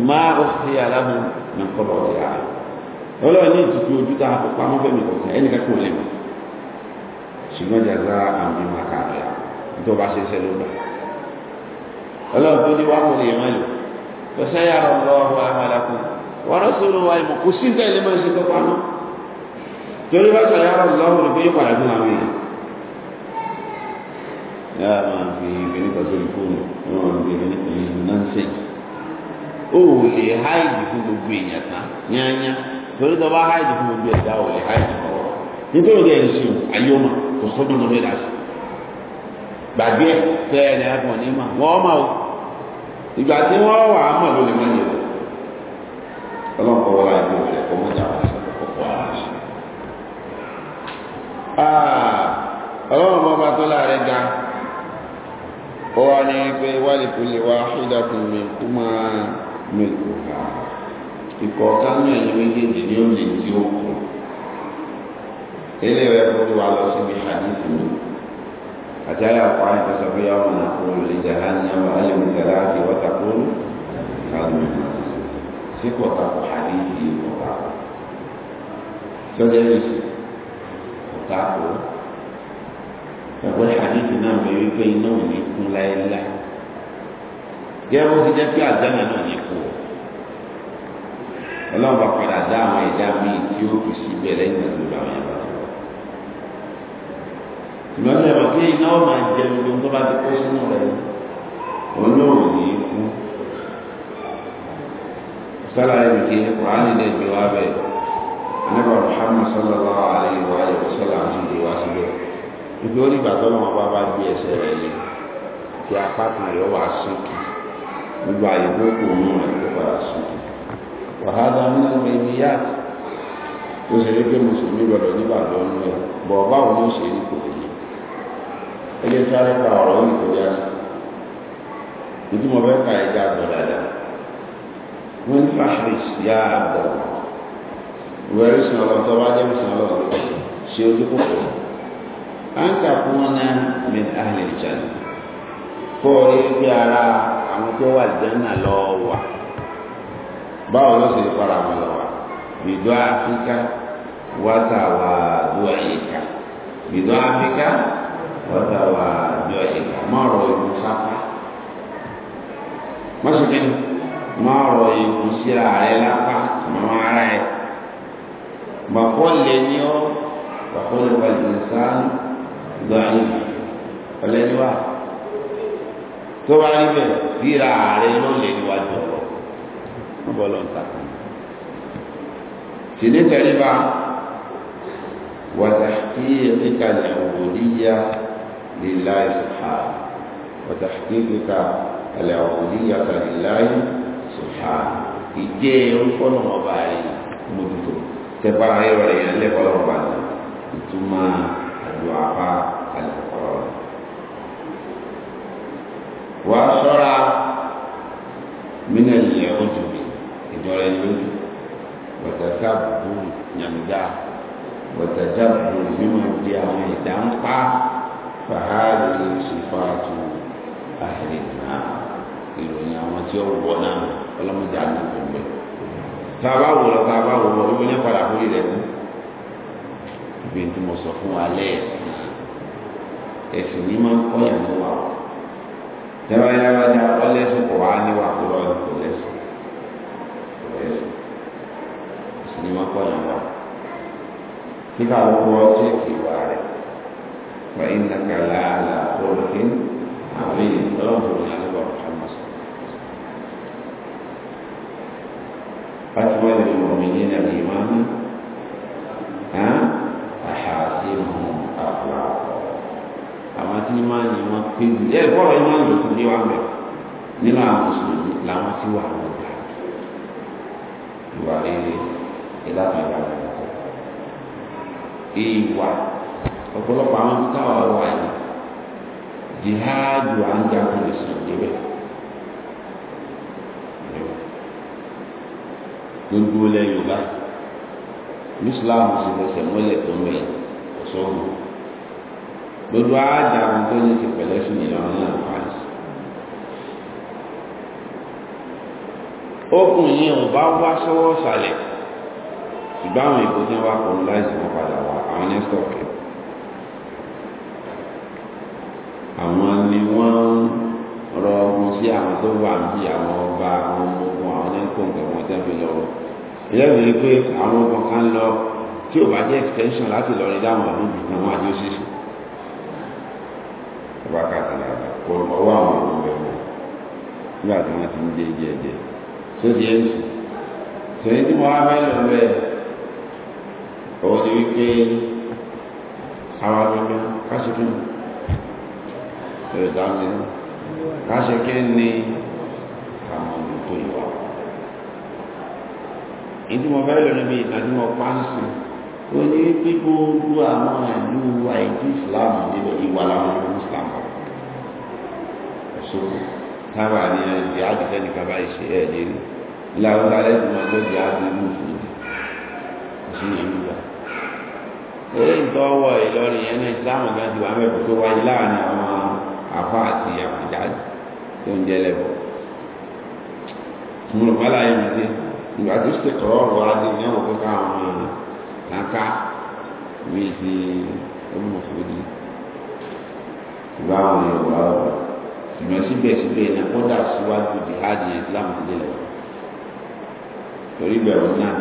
máa ó fi aláhùn nǹkan lọ́ọ̀dì ààrẹ ọlọ́run ní ìtìjú ojú tá a kó pamọ́ fẹ́mi kọ̀ọ̀kan ẹnì kẹ́kọ̀ọ́ lè mọ̀ ṣùgbọ́n jàzá àmì máa kà á tó bá ṣe ṣẹlẹ̀ gbà ọlọ́run tó ní wàá mọ̀ lè má lò tó sẹ́yà ọlọ́run àmàlàkùn wọ́n rọ́ sọ̀rọ̀ wa ìmọ̀ kò sí ní tẹ́lẹ̀ máa ṣe tó pamọ́ torí bá sọ̀yà ọlọ́run rẹ̀ pé yóò padà dún àwọn èèyàn yáa máa fi ìbìnrin kan sórí fóònù wọn máa fi ìbìnrin kan yìí torí tó bá háìdì fún gbogbo ẹ̀dá ò lè háìdì fún ọ nítorí òde ẹ̀rí sí ayé ọmọ kò sọ́dún ló mẹ́ta sí gbàgbé ẹ̀ tẹ́ ẹ̀ ní ẹ̀kọ́ ní mà wọ́n mà ó ìgbà tí wọ́n wà á mà ló lè má yẹ ọlọ́pàá wọlé àìkú rẹ̀ kọ́ mọ́jà wà sí ọkọ̀ ara sí. ọlọ́run bọ́ba tó láàrẹ̀ ga ó wá ní pé wálé kò lè wá ṣídàkùn mi kú máa mi kò ká ìkọ̀ọ̀kan náà ẹni méjèèjì ni ó lè tí ó kù eléyìí rẹ̀ fún wa lọ síbi hadith mi àti àyà kọ́ àyè tó sọ pé yàwó náà kó lè jà á ní àwọn alẹ́mú tẹ̀lé àti wọ́tà kó kàlùmí sí kọ̀ọ̀kan kò hadith yìí kọ̀ọ̀kan sọ́jà yìí kọ̀ọ̀kan kò ẹ̀kọ́ hadith náà bẹ̀rẹ̀ pé iná ò ní kún láéláé gẹ́gẹ́ bó ti jẹ́ pé àjánà náà ní ọlọ́run bá padà dá àwọn ẹ̀dá míì tí ó kù sí bẹ́ẹ̀ lẹ́yìn ìgbà gbogbo àwọn ẹ̀dá tó ìgbà tó yàtọ̀ pé iná ọ̀nà jẹ gbogbo tó bá ti kó sínú rẹ̀ olóòrùn ní í kú sára ẹni kí kùránì lè gbé wá bẹ́ẹ̀ anábà Muhammad sallallahu alayhi wa alayhi wa sallam ti di wá sílẹ̀ ibi ó dìgbà tó lọ́wọ́ bá bá gbé ẹsẹ̀ rẹ̀ lé kí apá kan yọ wá sókè gbogbo àyè tó kù rẹ̀ tó padà sókè wàhálà nínú ìmìyàt tó ṣe wípé mùsùlùmí gbọdọ̀ nígbà lọ́nà ẹ̀ bọ̀ báwo ló ṣe ní kò lè yẹ ẹgbẹ́ sáré ka ọ̀rọ̀ yìí kọjá sí ìdí mo fẹ́ ka ẹja àgbọ̀ dáadáa wọ́n ní fashris yá àgbọ̀ wẹ́rẹ́ sìn ọlọ́run tó bá jẹ́ sìn ọlọ́run ṣe ojú kòkòrò à fún wọn náà min ahli al-jannah kọ́ ara àwọn tó wà jẹ́ náà lọ́ọ́ wà báwo ló ṣe para wọn lọ wa bìdọ́ áfíríkà wọ́tà wà dúà ìka bìdọ́ áfíríkà wọ́tà wà dúà ìka má rọ ìlú sáfà má ṣe kíni má rọ ìlú síra rẹ lápá àmọ́ ara ẹ bàkọ́ lè ní ọ́ bàkọ́ lè wà lè sáà dúà ìka ọ̀lẹ́ni wa tó bá rí bẹ́ẹ̀ síra rẹ ló lè níwájú ọ wọ́n bọ́ lọ́n ta kan. sì ní tẹ̀lébà wàtàkì ìkàlẹ̀ òwòlíyà lillahi subhanahu wàtàkì ìkàlẹ̀ òwòlíyà lillahi subhanahu ìjẹ́ orúkọ náà wọ́n bá rí mójútó tẹ́pára ayọ̀ rẹ̀ yẹn lẹ́kọ̀ọ́ lọ́wọ́ bá ní jọra ẹni lójú bọ̀tàtà bùrù nyàmdá bọ̀tàtà bùrù mímọ̀ di àwọn ẹ̀dá ń pa fàhálì sífàtù àhìrìnà ìròyìn àwọn tí ó wọ̀ náà ọlọ́mọdé àná gbogbo ẹ̀ tá a bá wò lọ tá a bá wò lọ wíwọ́n ní padà kórè rẹ̀ mú ibi tí mo sọ fún wa lẹ́ẹ̀sì ẹ̀sìn ní máa ń kọ́yàn níwà tẹ́wáyáwáyá ọlẹ́sìn kò wá níwà kó lọ́ọ́ kò lẹ́sìn. máa kọ́ yẹn lọ nígbà gbogbo ọtí ìwà rẹ̀ wà ní nàkàlà àlà òrùkín àwọn èèyàn lọ́wọ́ ní àlùbọ̀ Muhammad fatiwa lè mọ̀ mí ní nàbí ìmáàmù àhàsíhùn àpò àwọn tí máa ní wọn pé ẹ bọ́ọ̀lù ìmáàmù ló kún ní wàá mẹ́rin nínú àwọn mùsùlùmí làwọn ti wà wọn gbà ìwà rere ẹ̀dá kan ìgbà kan. ìwà ọ̀pọ̀lọpọ̀ àwọn tí táwọn ọ̀rọ̀ wà ní jihadu à ń jagun ìsìn níbẹ̀. gbogbo lẹ yorùbá islam sì fẹsẹ̀ mọ́lẹ̀ tó mẹ ọsọmọ gbogbo àádàrún tó ní ti pẹ̀lẹ́ sí ni àwọn náà fà yìí ò bá wá sọ́wọ́ sàlẹ̀ ìgbà àwọn ìbò tí wọ́n wá colonize wọn padà wá àwọn ní stock àwọn ni wọ́n rọ ọgbọ́n sí àwọn tó wà ní àwọn ọba àwọn ọmọ ogun àwọn ní kó nǹkan wọn tẹ́ fi lọ́wọ́ ìlẹ́bìí ni pé àwọn ọgbọ̀n kan lọ tí ò bá jẹ́ extension láti lọ rí dáhùn ọdún bìí náà wọ́n á jẹ́ òṣìṣẹ́ ọba kàtàlà kò ọwọ́ àwọn ọmọ ọmọ ẹ̀wọ̀n nígbà tí wọ́n ti ń dé díẹ̀díẹ̀ tó di ẹ̀sìn tí wọ́n á mẹ́lò bẹ́ẹ̀ òun ni wípé àwọn gbogbo káṣíkí ẹ̀rẹ̀ dáńsí náà káṣíkí ní àwọn olùtò ìwà ìdí mo fẹ́ lọ níbi ìtàjú mọ pánsì ó ní wípé gbogbo àwọn ìlú àìkú Islam níbẹ̀ ìwà làwọn Islam kọ̀ ẹ̀sùn táwa ní ẹ̀jẹ̀ àdìsẹ́ nìkan bá ìṣe ẹ̀ lérí láwọn alẹ́ tí wọ́n gbé jẹ́ àdìsẹ́ mùsùlùmí ìlú wa eré ìtọ́wọ́ ìlọrin yẹn ní islam gan ti wà mẹ́fọ́ tó wáyé láàrin àwọn afá àti àfàjáde tó ń jẹ́lẹ̀bọ̀ mo rò pálá yẹn ti ìgbà tó ṣe kọ́ ọ̀rọ̀ adé ní àwọn òkúta àwọn làǹkà bíi ti olùmọ̀fọ́dí ìgbà àwọn yorùbá ọ̀rọ̀ ṣùgbọ́n síbẹ̀síbẹ̀ ní kódà síwájú jihad islam ti dé lọ torí bẹ̀rù náà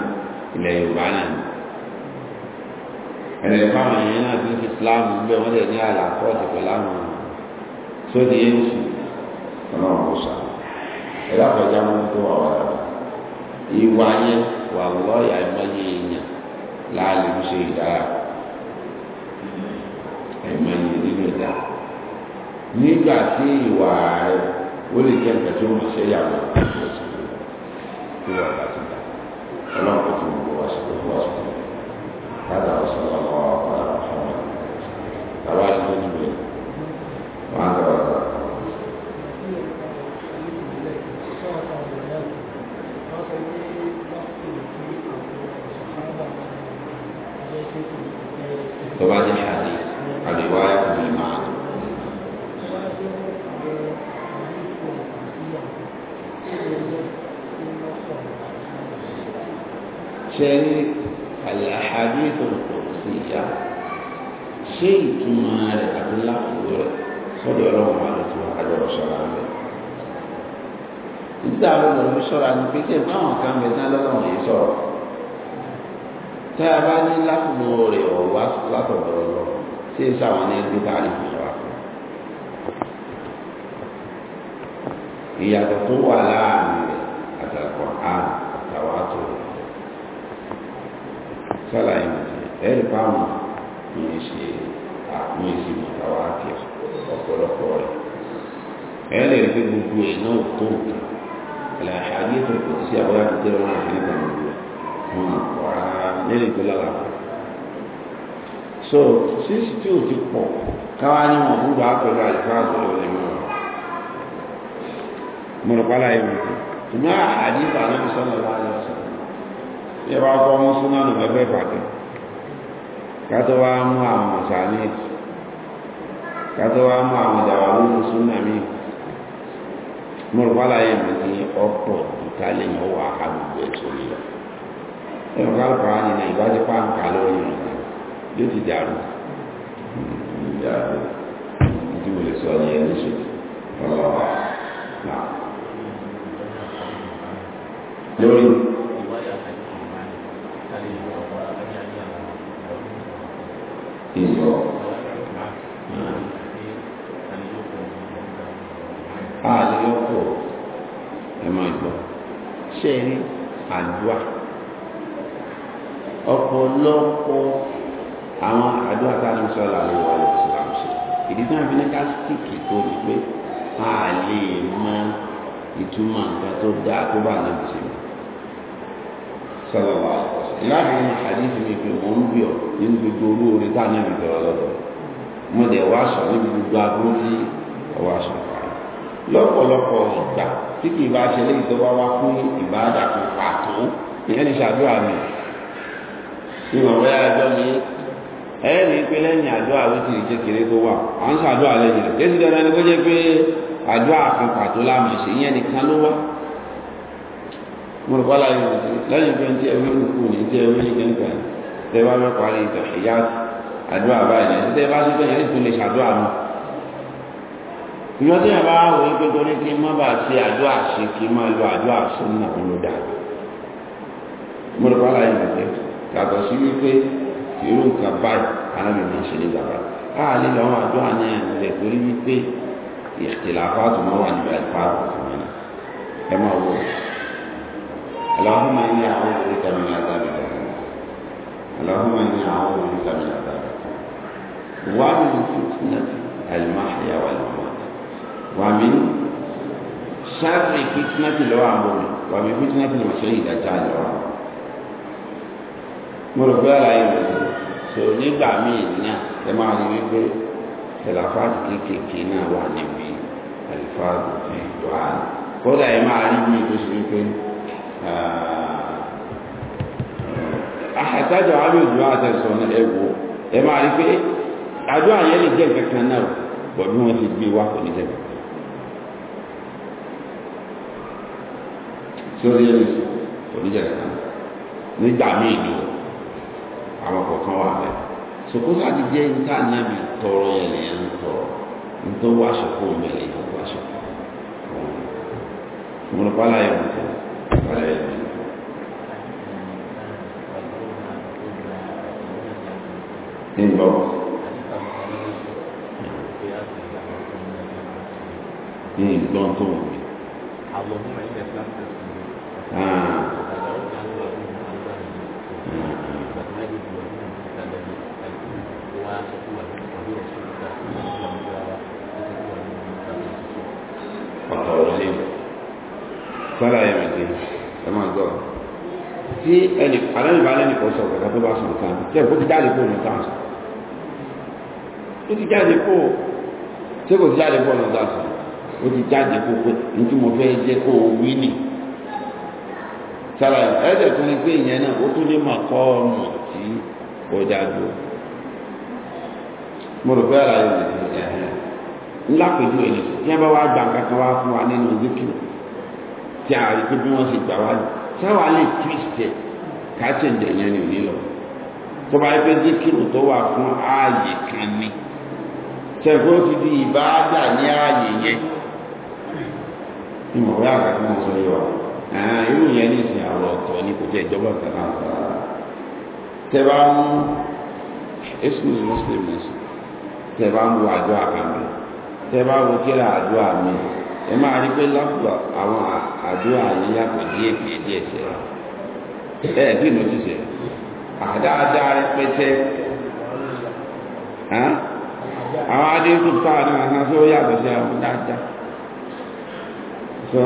ilẹ̀ yorùbá náà ẹ̀rẹ̀ fáwọn èèyàn náà tún ti síláàmù ń bẹ̀ wọ́n lè ní àlàkọ́ọ̀tì pẹ̀lú àwọn sódì yéésù ọlọ́run kò sá ẹ̀rọ àkọjá mú tó wà wàrà ìwà yẹn wà lọ́ọ̀yà ìmọ̀lẹ́ èèyàn láàlú ṣe ìdára ìmọ̀lẹ́ nínú ìdá nígbà tí ìwà rẹ̀ ó lè jẹ́ nǹkan tí ó mọ̀ ṣe yàwó ìwà ìgbà tó dá ọlọ́run kò tún gbogbo wa ṣe gbogbo wa ṣe هذا رسول الله ìyàtọ̀ tó wà láàrin rẹ̀ àtàkọ̀ àrùn àtàwà tó rẹ̀ sọ́là ìmọ̀tẹ̀ ẹ̀rì pàmò ní ṣe àmì ìsìn àtàwà tẹ̀ ọ̀pọ̀lọpọ̀ rẹ̀ ẹ̀rì rẹ̀ pé gbogbo ẹ̀ náà tó nǹkan ẹ̀làṣà ní ìfẹ̀kọ̀ sí àbúrò àti tẹ́lẹ̀ wọn àti nígbà gbogbo wọn àpọ̀ ara lẹ́rìí ìpínlẹ̀ àlàfo so sísì tí ò ti pọ̀ káwá ní wọn fún bàá pẹ̀lú àlùfáà lọ́wọ́ lẹ́mọ̀ọ́ mọ̀lùpàá láyé wọn kò ṣùgbọ́n àdìsá náà sọ́nà láàrín ọ̀sán yẹ bá kọ́ mú súnmọ́nù ẹgbẹ́ ìbàdàn kátó wá mú àwọn ọ̀sánẹ́ẹ̀tì kátó wá mú àwọn ìdàwà nínú súnmọ́nù mọ̀lùpàá láyé wọn ti ọ̀pọ̀ ìtàlẹ̀ yẹn wà á gbogbo ẹ̀sọ́ yìí lọ ẹ̀rọ kálùkù á nìyẹn ìbájú pàǹkà lórí ìrìnà yóò ti dàrú ìdàrú ìdíwòlè sọ yẹn ní ṣe ọlọ́wà náà lórí. Ìsọ̀. Ah, àlè lọ́pọ̀ ẹ máa gbọ́. Ṣé rí àdúrà? Ọ̀pọ̀lọpọ̀ àwọn àdúrà tá a ti sọ làwọn ìwà ìwà ìsìlámù ṣe. Ìdí tí wọ́n fi ní ká stíìkì tó ni pé a lè mọ ìtumọ̀ nǹkan tó dáa tó bá nàbì ṣe mọ́ sọlọ́wà láti inú àdífi mi pé mò ń bí ọ nínú gbogbo orú orí táwọn ẹ̀mí bẹ̀rẹ̀ lọ́dọ̀ mo dẹ̀ wá sọ níbi gbogbo aburú tí ọwọ́ sọ fà á lọ́pọ̀lọpọ̀ ìgbà tí kì í bá ṣe léyìí tó bá wá fún ìbáàdà kan pàtó ìyẹn ní ṣàdúrà mi ìmọ̀ bóyá ẹjọ́ mi ẹ̀yẹ́ ní pé lẹ́yìn àdúrà wítìrì kékeré tó wà à ń ṣàdúrà lẹ́yìn rẹ̀ kéṣì dandan ni kó jẹ́ pé àdúrà kan pàtó láàmì ṣe ìyẹn nìkan ló wá mo rò bọ́lá yìí wọ̀nyí lẹ́yìn pé ntí ẹ̀wé òkú ni ntí ẹ̀wé yìí kankan tẹ́ bá mẹ́kọ̀ọ́ àlè ìtọ̀ ìyá àdúrà báyìí ẹ̀ tẹ́ bá tó tẹ̀yìn ẹ̀ tó lè ṣàdúrà mi. ìjọ tí yàrá bá wọ ẹ pé torí kí n má bàa ṣe àdúrà ṣe kí n má lo àdúrà sún náà ló dà mo rò bọ́lá yìí wọ̀nyí yàtọ̀ sí wípé irú nǹkan báyìí alámi máa ń ṣe nígbà báyìí káà lè lọ́wọ́ àdúrà náà lẹ̀ torí wípé ìtìlàfà tó máa wà níbẹ̀ fáwọn ọ̀sán náà ẹ máa wọ̀ ọ́ اللهم إني أعوذ بك من عذاب جهنم اللهم إني أعوذ بك من عذاب ومن فتنة المحيا والممات ومن شر فتنة الوعمون ومن فتنة المسيح الدجال الوعمون mo rò pé ara yẹn wò so في خلافات كيكي كينا máa الفاظ في دعاء kéékèèké náà wà níbi àlìfáàgùn ìdùnnú kódà ẹ máa rí mi tó àtàjọ àbíòdúrà àtẹ̀sọ̀ ẹ̀wọ̀ ẹ máa rí pé àjọ àyẹ́ lè jẹ́ nǹkan náà bọ̀ bí ti gbé wá kò ní jẹ́ sórí ẹ̀rí kò ní jẹ́ nǹkan nígbà míì ni àwọn kọ̀ọ̀kan wà bẹ́ẹ̀ tọrọ Involved. Mm, don't do it. فلا tí ẹnì aláìbá lẹ́nì sọ tó bá sọ nǹkan tẹ́ ti jáde kó ó ti jáde kó tí kò ti jáde kó nǹkan sọ ó ti jáde pé o wí nì sára ẹ̀ẹ́dẹ̀ tó ní pé ìyẹn náà ó tún lè kọ́ tí ọjà dúró mo rò pé ara bá wá wá fún wa nínú tí a rí pé bí wọ́n ṣe gbà wá sáwà lè twist ẹ̀ ká change ẹ̀yẹn ni ò ní lọ tó bá yẹ pé zikiru tó wà fún ààyè kan ni sẹ́kọ́ ti di ìbáadà ní ààyè yẹn ìmọ̀ wẹ́ àkàkọ́ mọ̀ sọ yọ àwọn irú yẹn ní ìsìn àwọn ọ̀tọ̀ ní kò jẹ́ ìjọba kankan sára tẹ́bá mú ẹ̀sùn muslim nation tẹ́bá mú àjọ àkàmì tẹ́bá mú kíra àjọ àmì ẹ máa rí pé lápò àwọn àdúrà yíyàpọ̀ díẹ̀ díẹ̀ díẹ̀ sẹ́ ẹ bí ìnàjú sẹ́ àdáadáa rẹpẹtẹ àwọn adékùn táwọn náà náà tó yàtọ̀ sí àwọn dáadáa so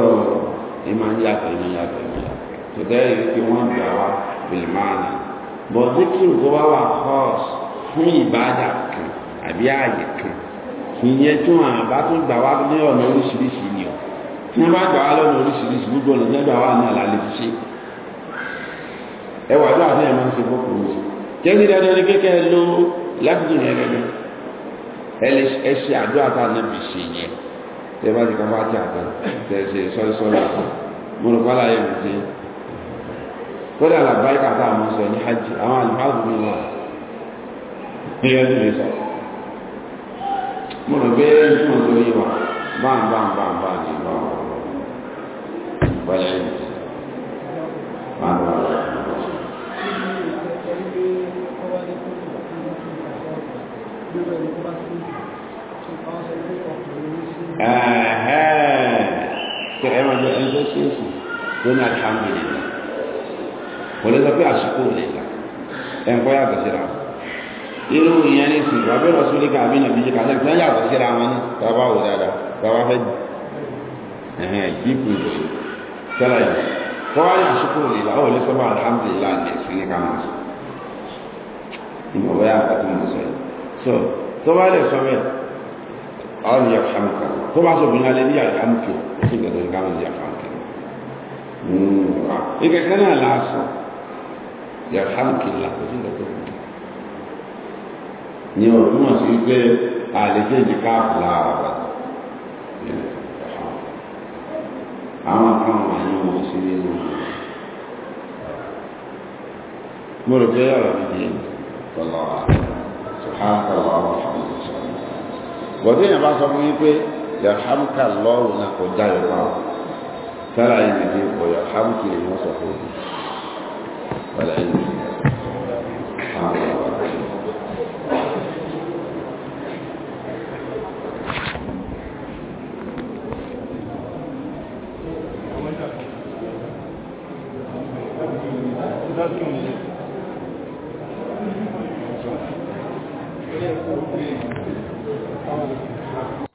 ẹ máa ń yàtọ̀ ẹ máa ń yàtọ̀ ẹ máa ń yàtọ̀ tòtẹ́ yìí pé wọ́n gbà wá bìlìmánà bọ̀ díkìrì tó bá wà kọ́ọ̀sì fún ìbádà kan àbí ààyè kan ìyẹn tún àbá tún gbà wá ní ọ̀nà oríṣiríṣi tí wọ́n alo gbà á gbogbo ọ̀nà jẹ́ gbà wà náà fi ṣe ẹwà àdúrà náà máa ń ṣe fọ́pọ̀ oṣù jẹ́sí dandan keke kékẹ́ ló lásìkò yẹn gẹ́gẹ́ ẹ ṣe àdúrà tá a náà fi ṣe yẹn tẹ bá ti kápá tí a tán tẹ ṣe sọ́ọ́sọ́ọ́lá tán mo rò pálá yẹn mi ṣe kódà làbáyé hajj mi mi ló ṣe é sùn tó ní alhamdulillah kò lè sọ pé àsìkò rẹ̀ gbà ẹ̀ ń kọ́ yàtọ̀ síra irú ìyẹn ní sùn wàá bẹ̀rẹ̀ sórí ká àbí nàbí jíkà sẹ́yìn sẹ́yìn yàtọ̀ wọn ní bàbá wò dáadáa bàbá fẹ́ ẹ̀hẹ́n jíìpù ìròyìn sẹ́lá yìí kọ́ wá ní àsìkò rẹ̀ gbà ó lè sọ pé alhamdulillah ní ẹ̀sìn ní ká máa sọ ìmọ̀ bóyá àti mọ̀ sọ yìí so tó bá lè sọ bẹ́ẹ̀ ọ̀rọ̀ yàtọ̀ àmùkà tó bá sọ bí ní yàtọ̀ àmùkà ìkẹ kan náà là á sọ yàtàkìlà kò sí ìdọ́tọ̀ ni ọ̀ túmọ̀ sí pé àlejò ìdíkà àbúlà àbàtà àwọn kan wà ní wọn sí nínú mo rò pé ọ̀rọ̀ mi di tọ́lọ̀ ṣùhánàtọ̀lọ̀ wọ́n tí èèyàn bá sọ fún yín pé yàtàkìlà lọ́rùn náà kò já ìpamọ́ فرع النبي ويرحمك للمصرف والعلم سبحان الله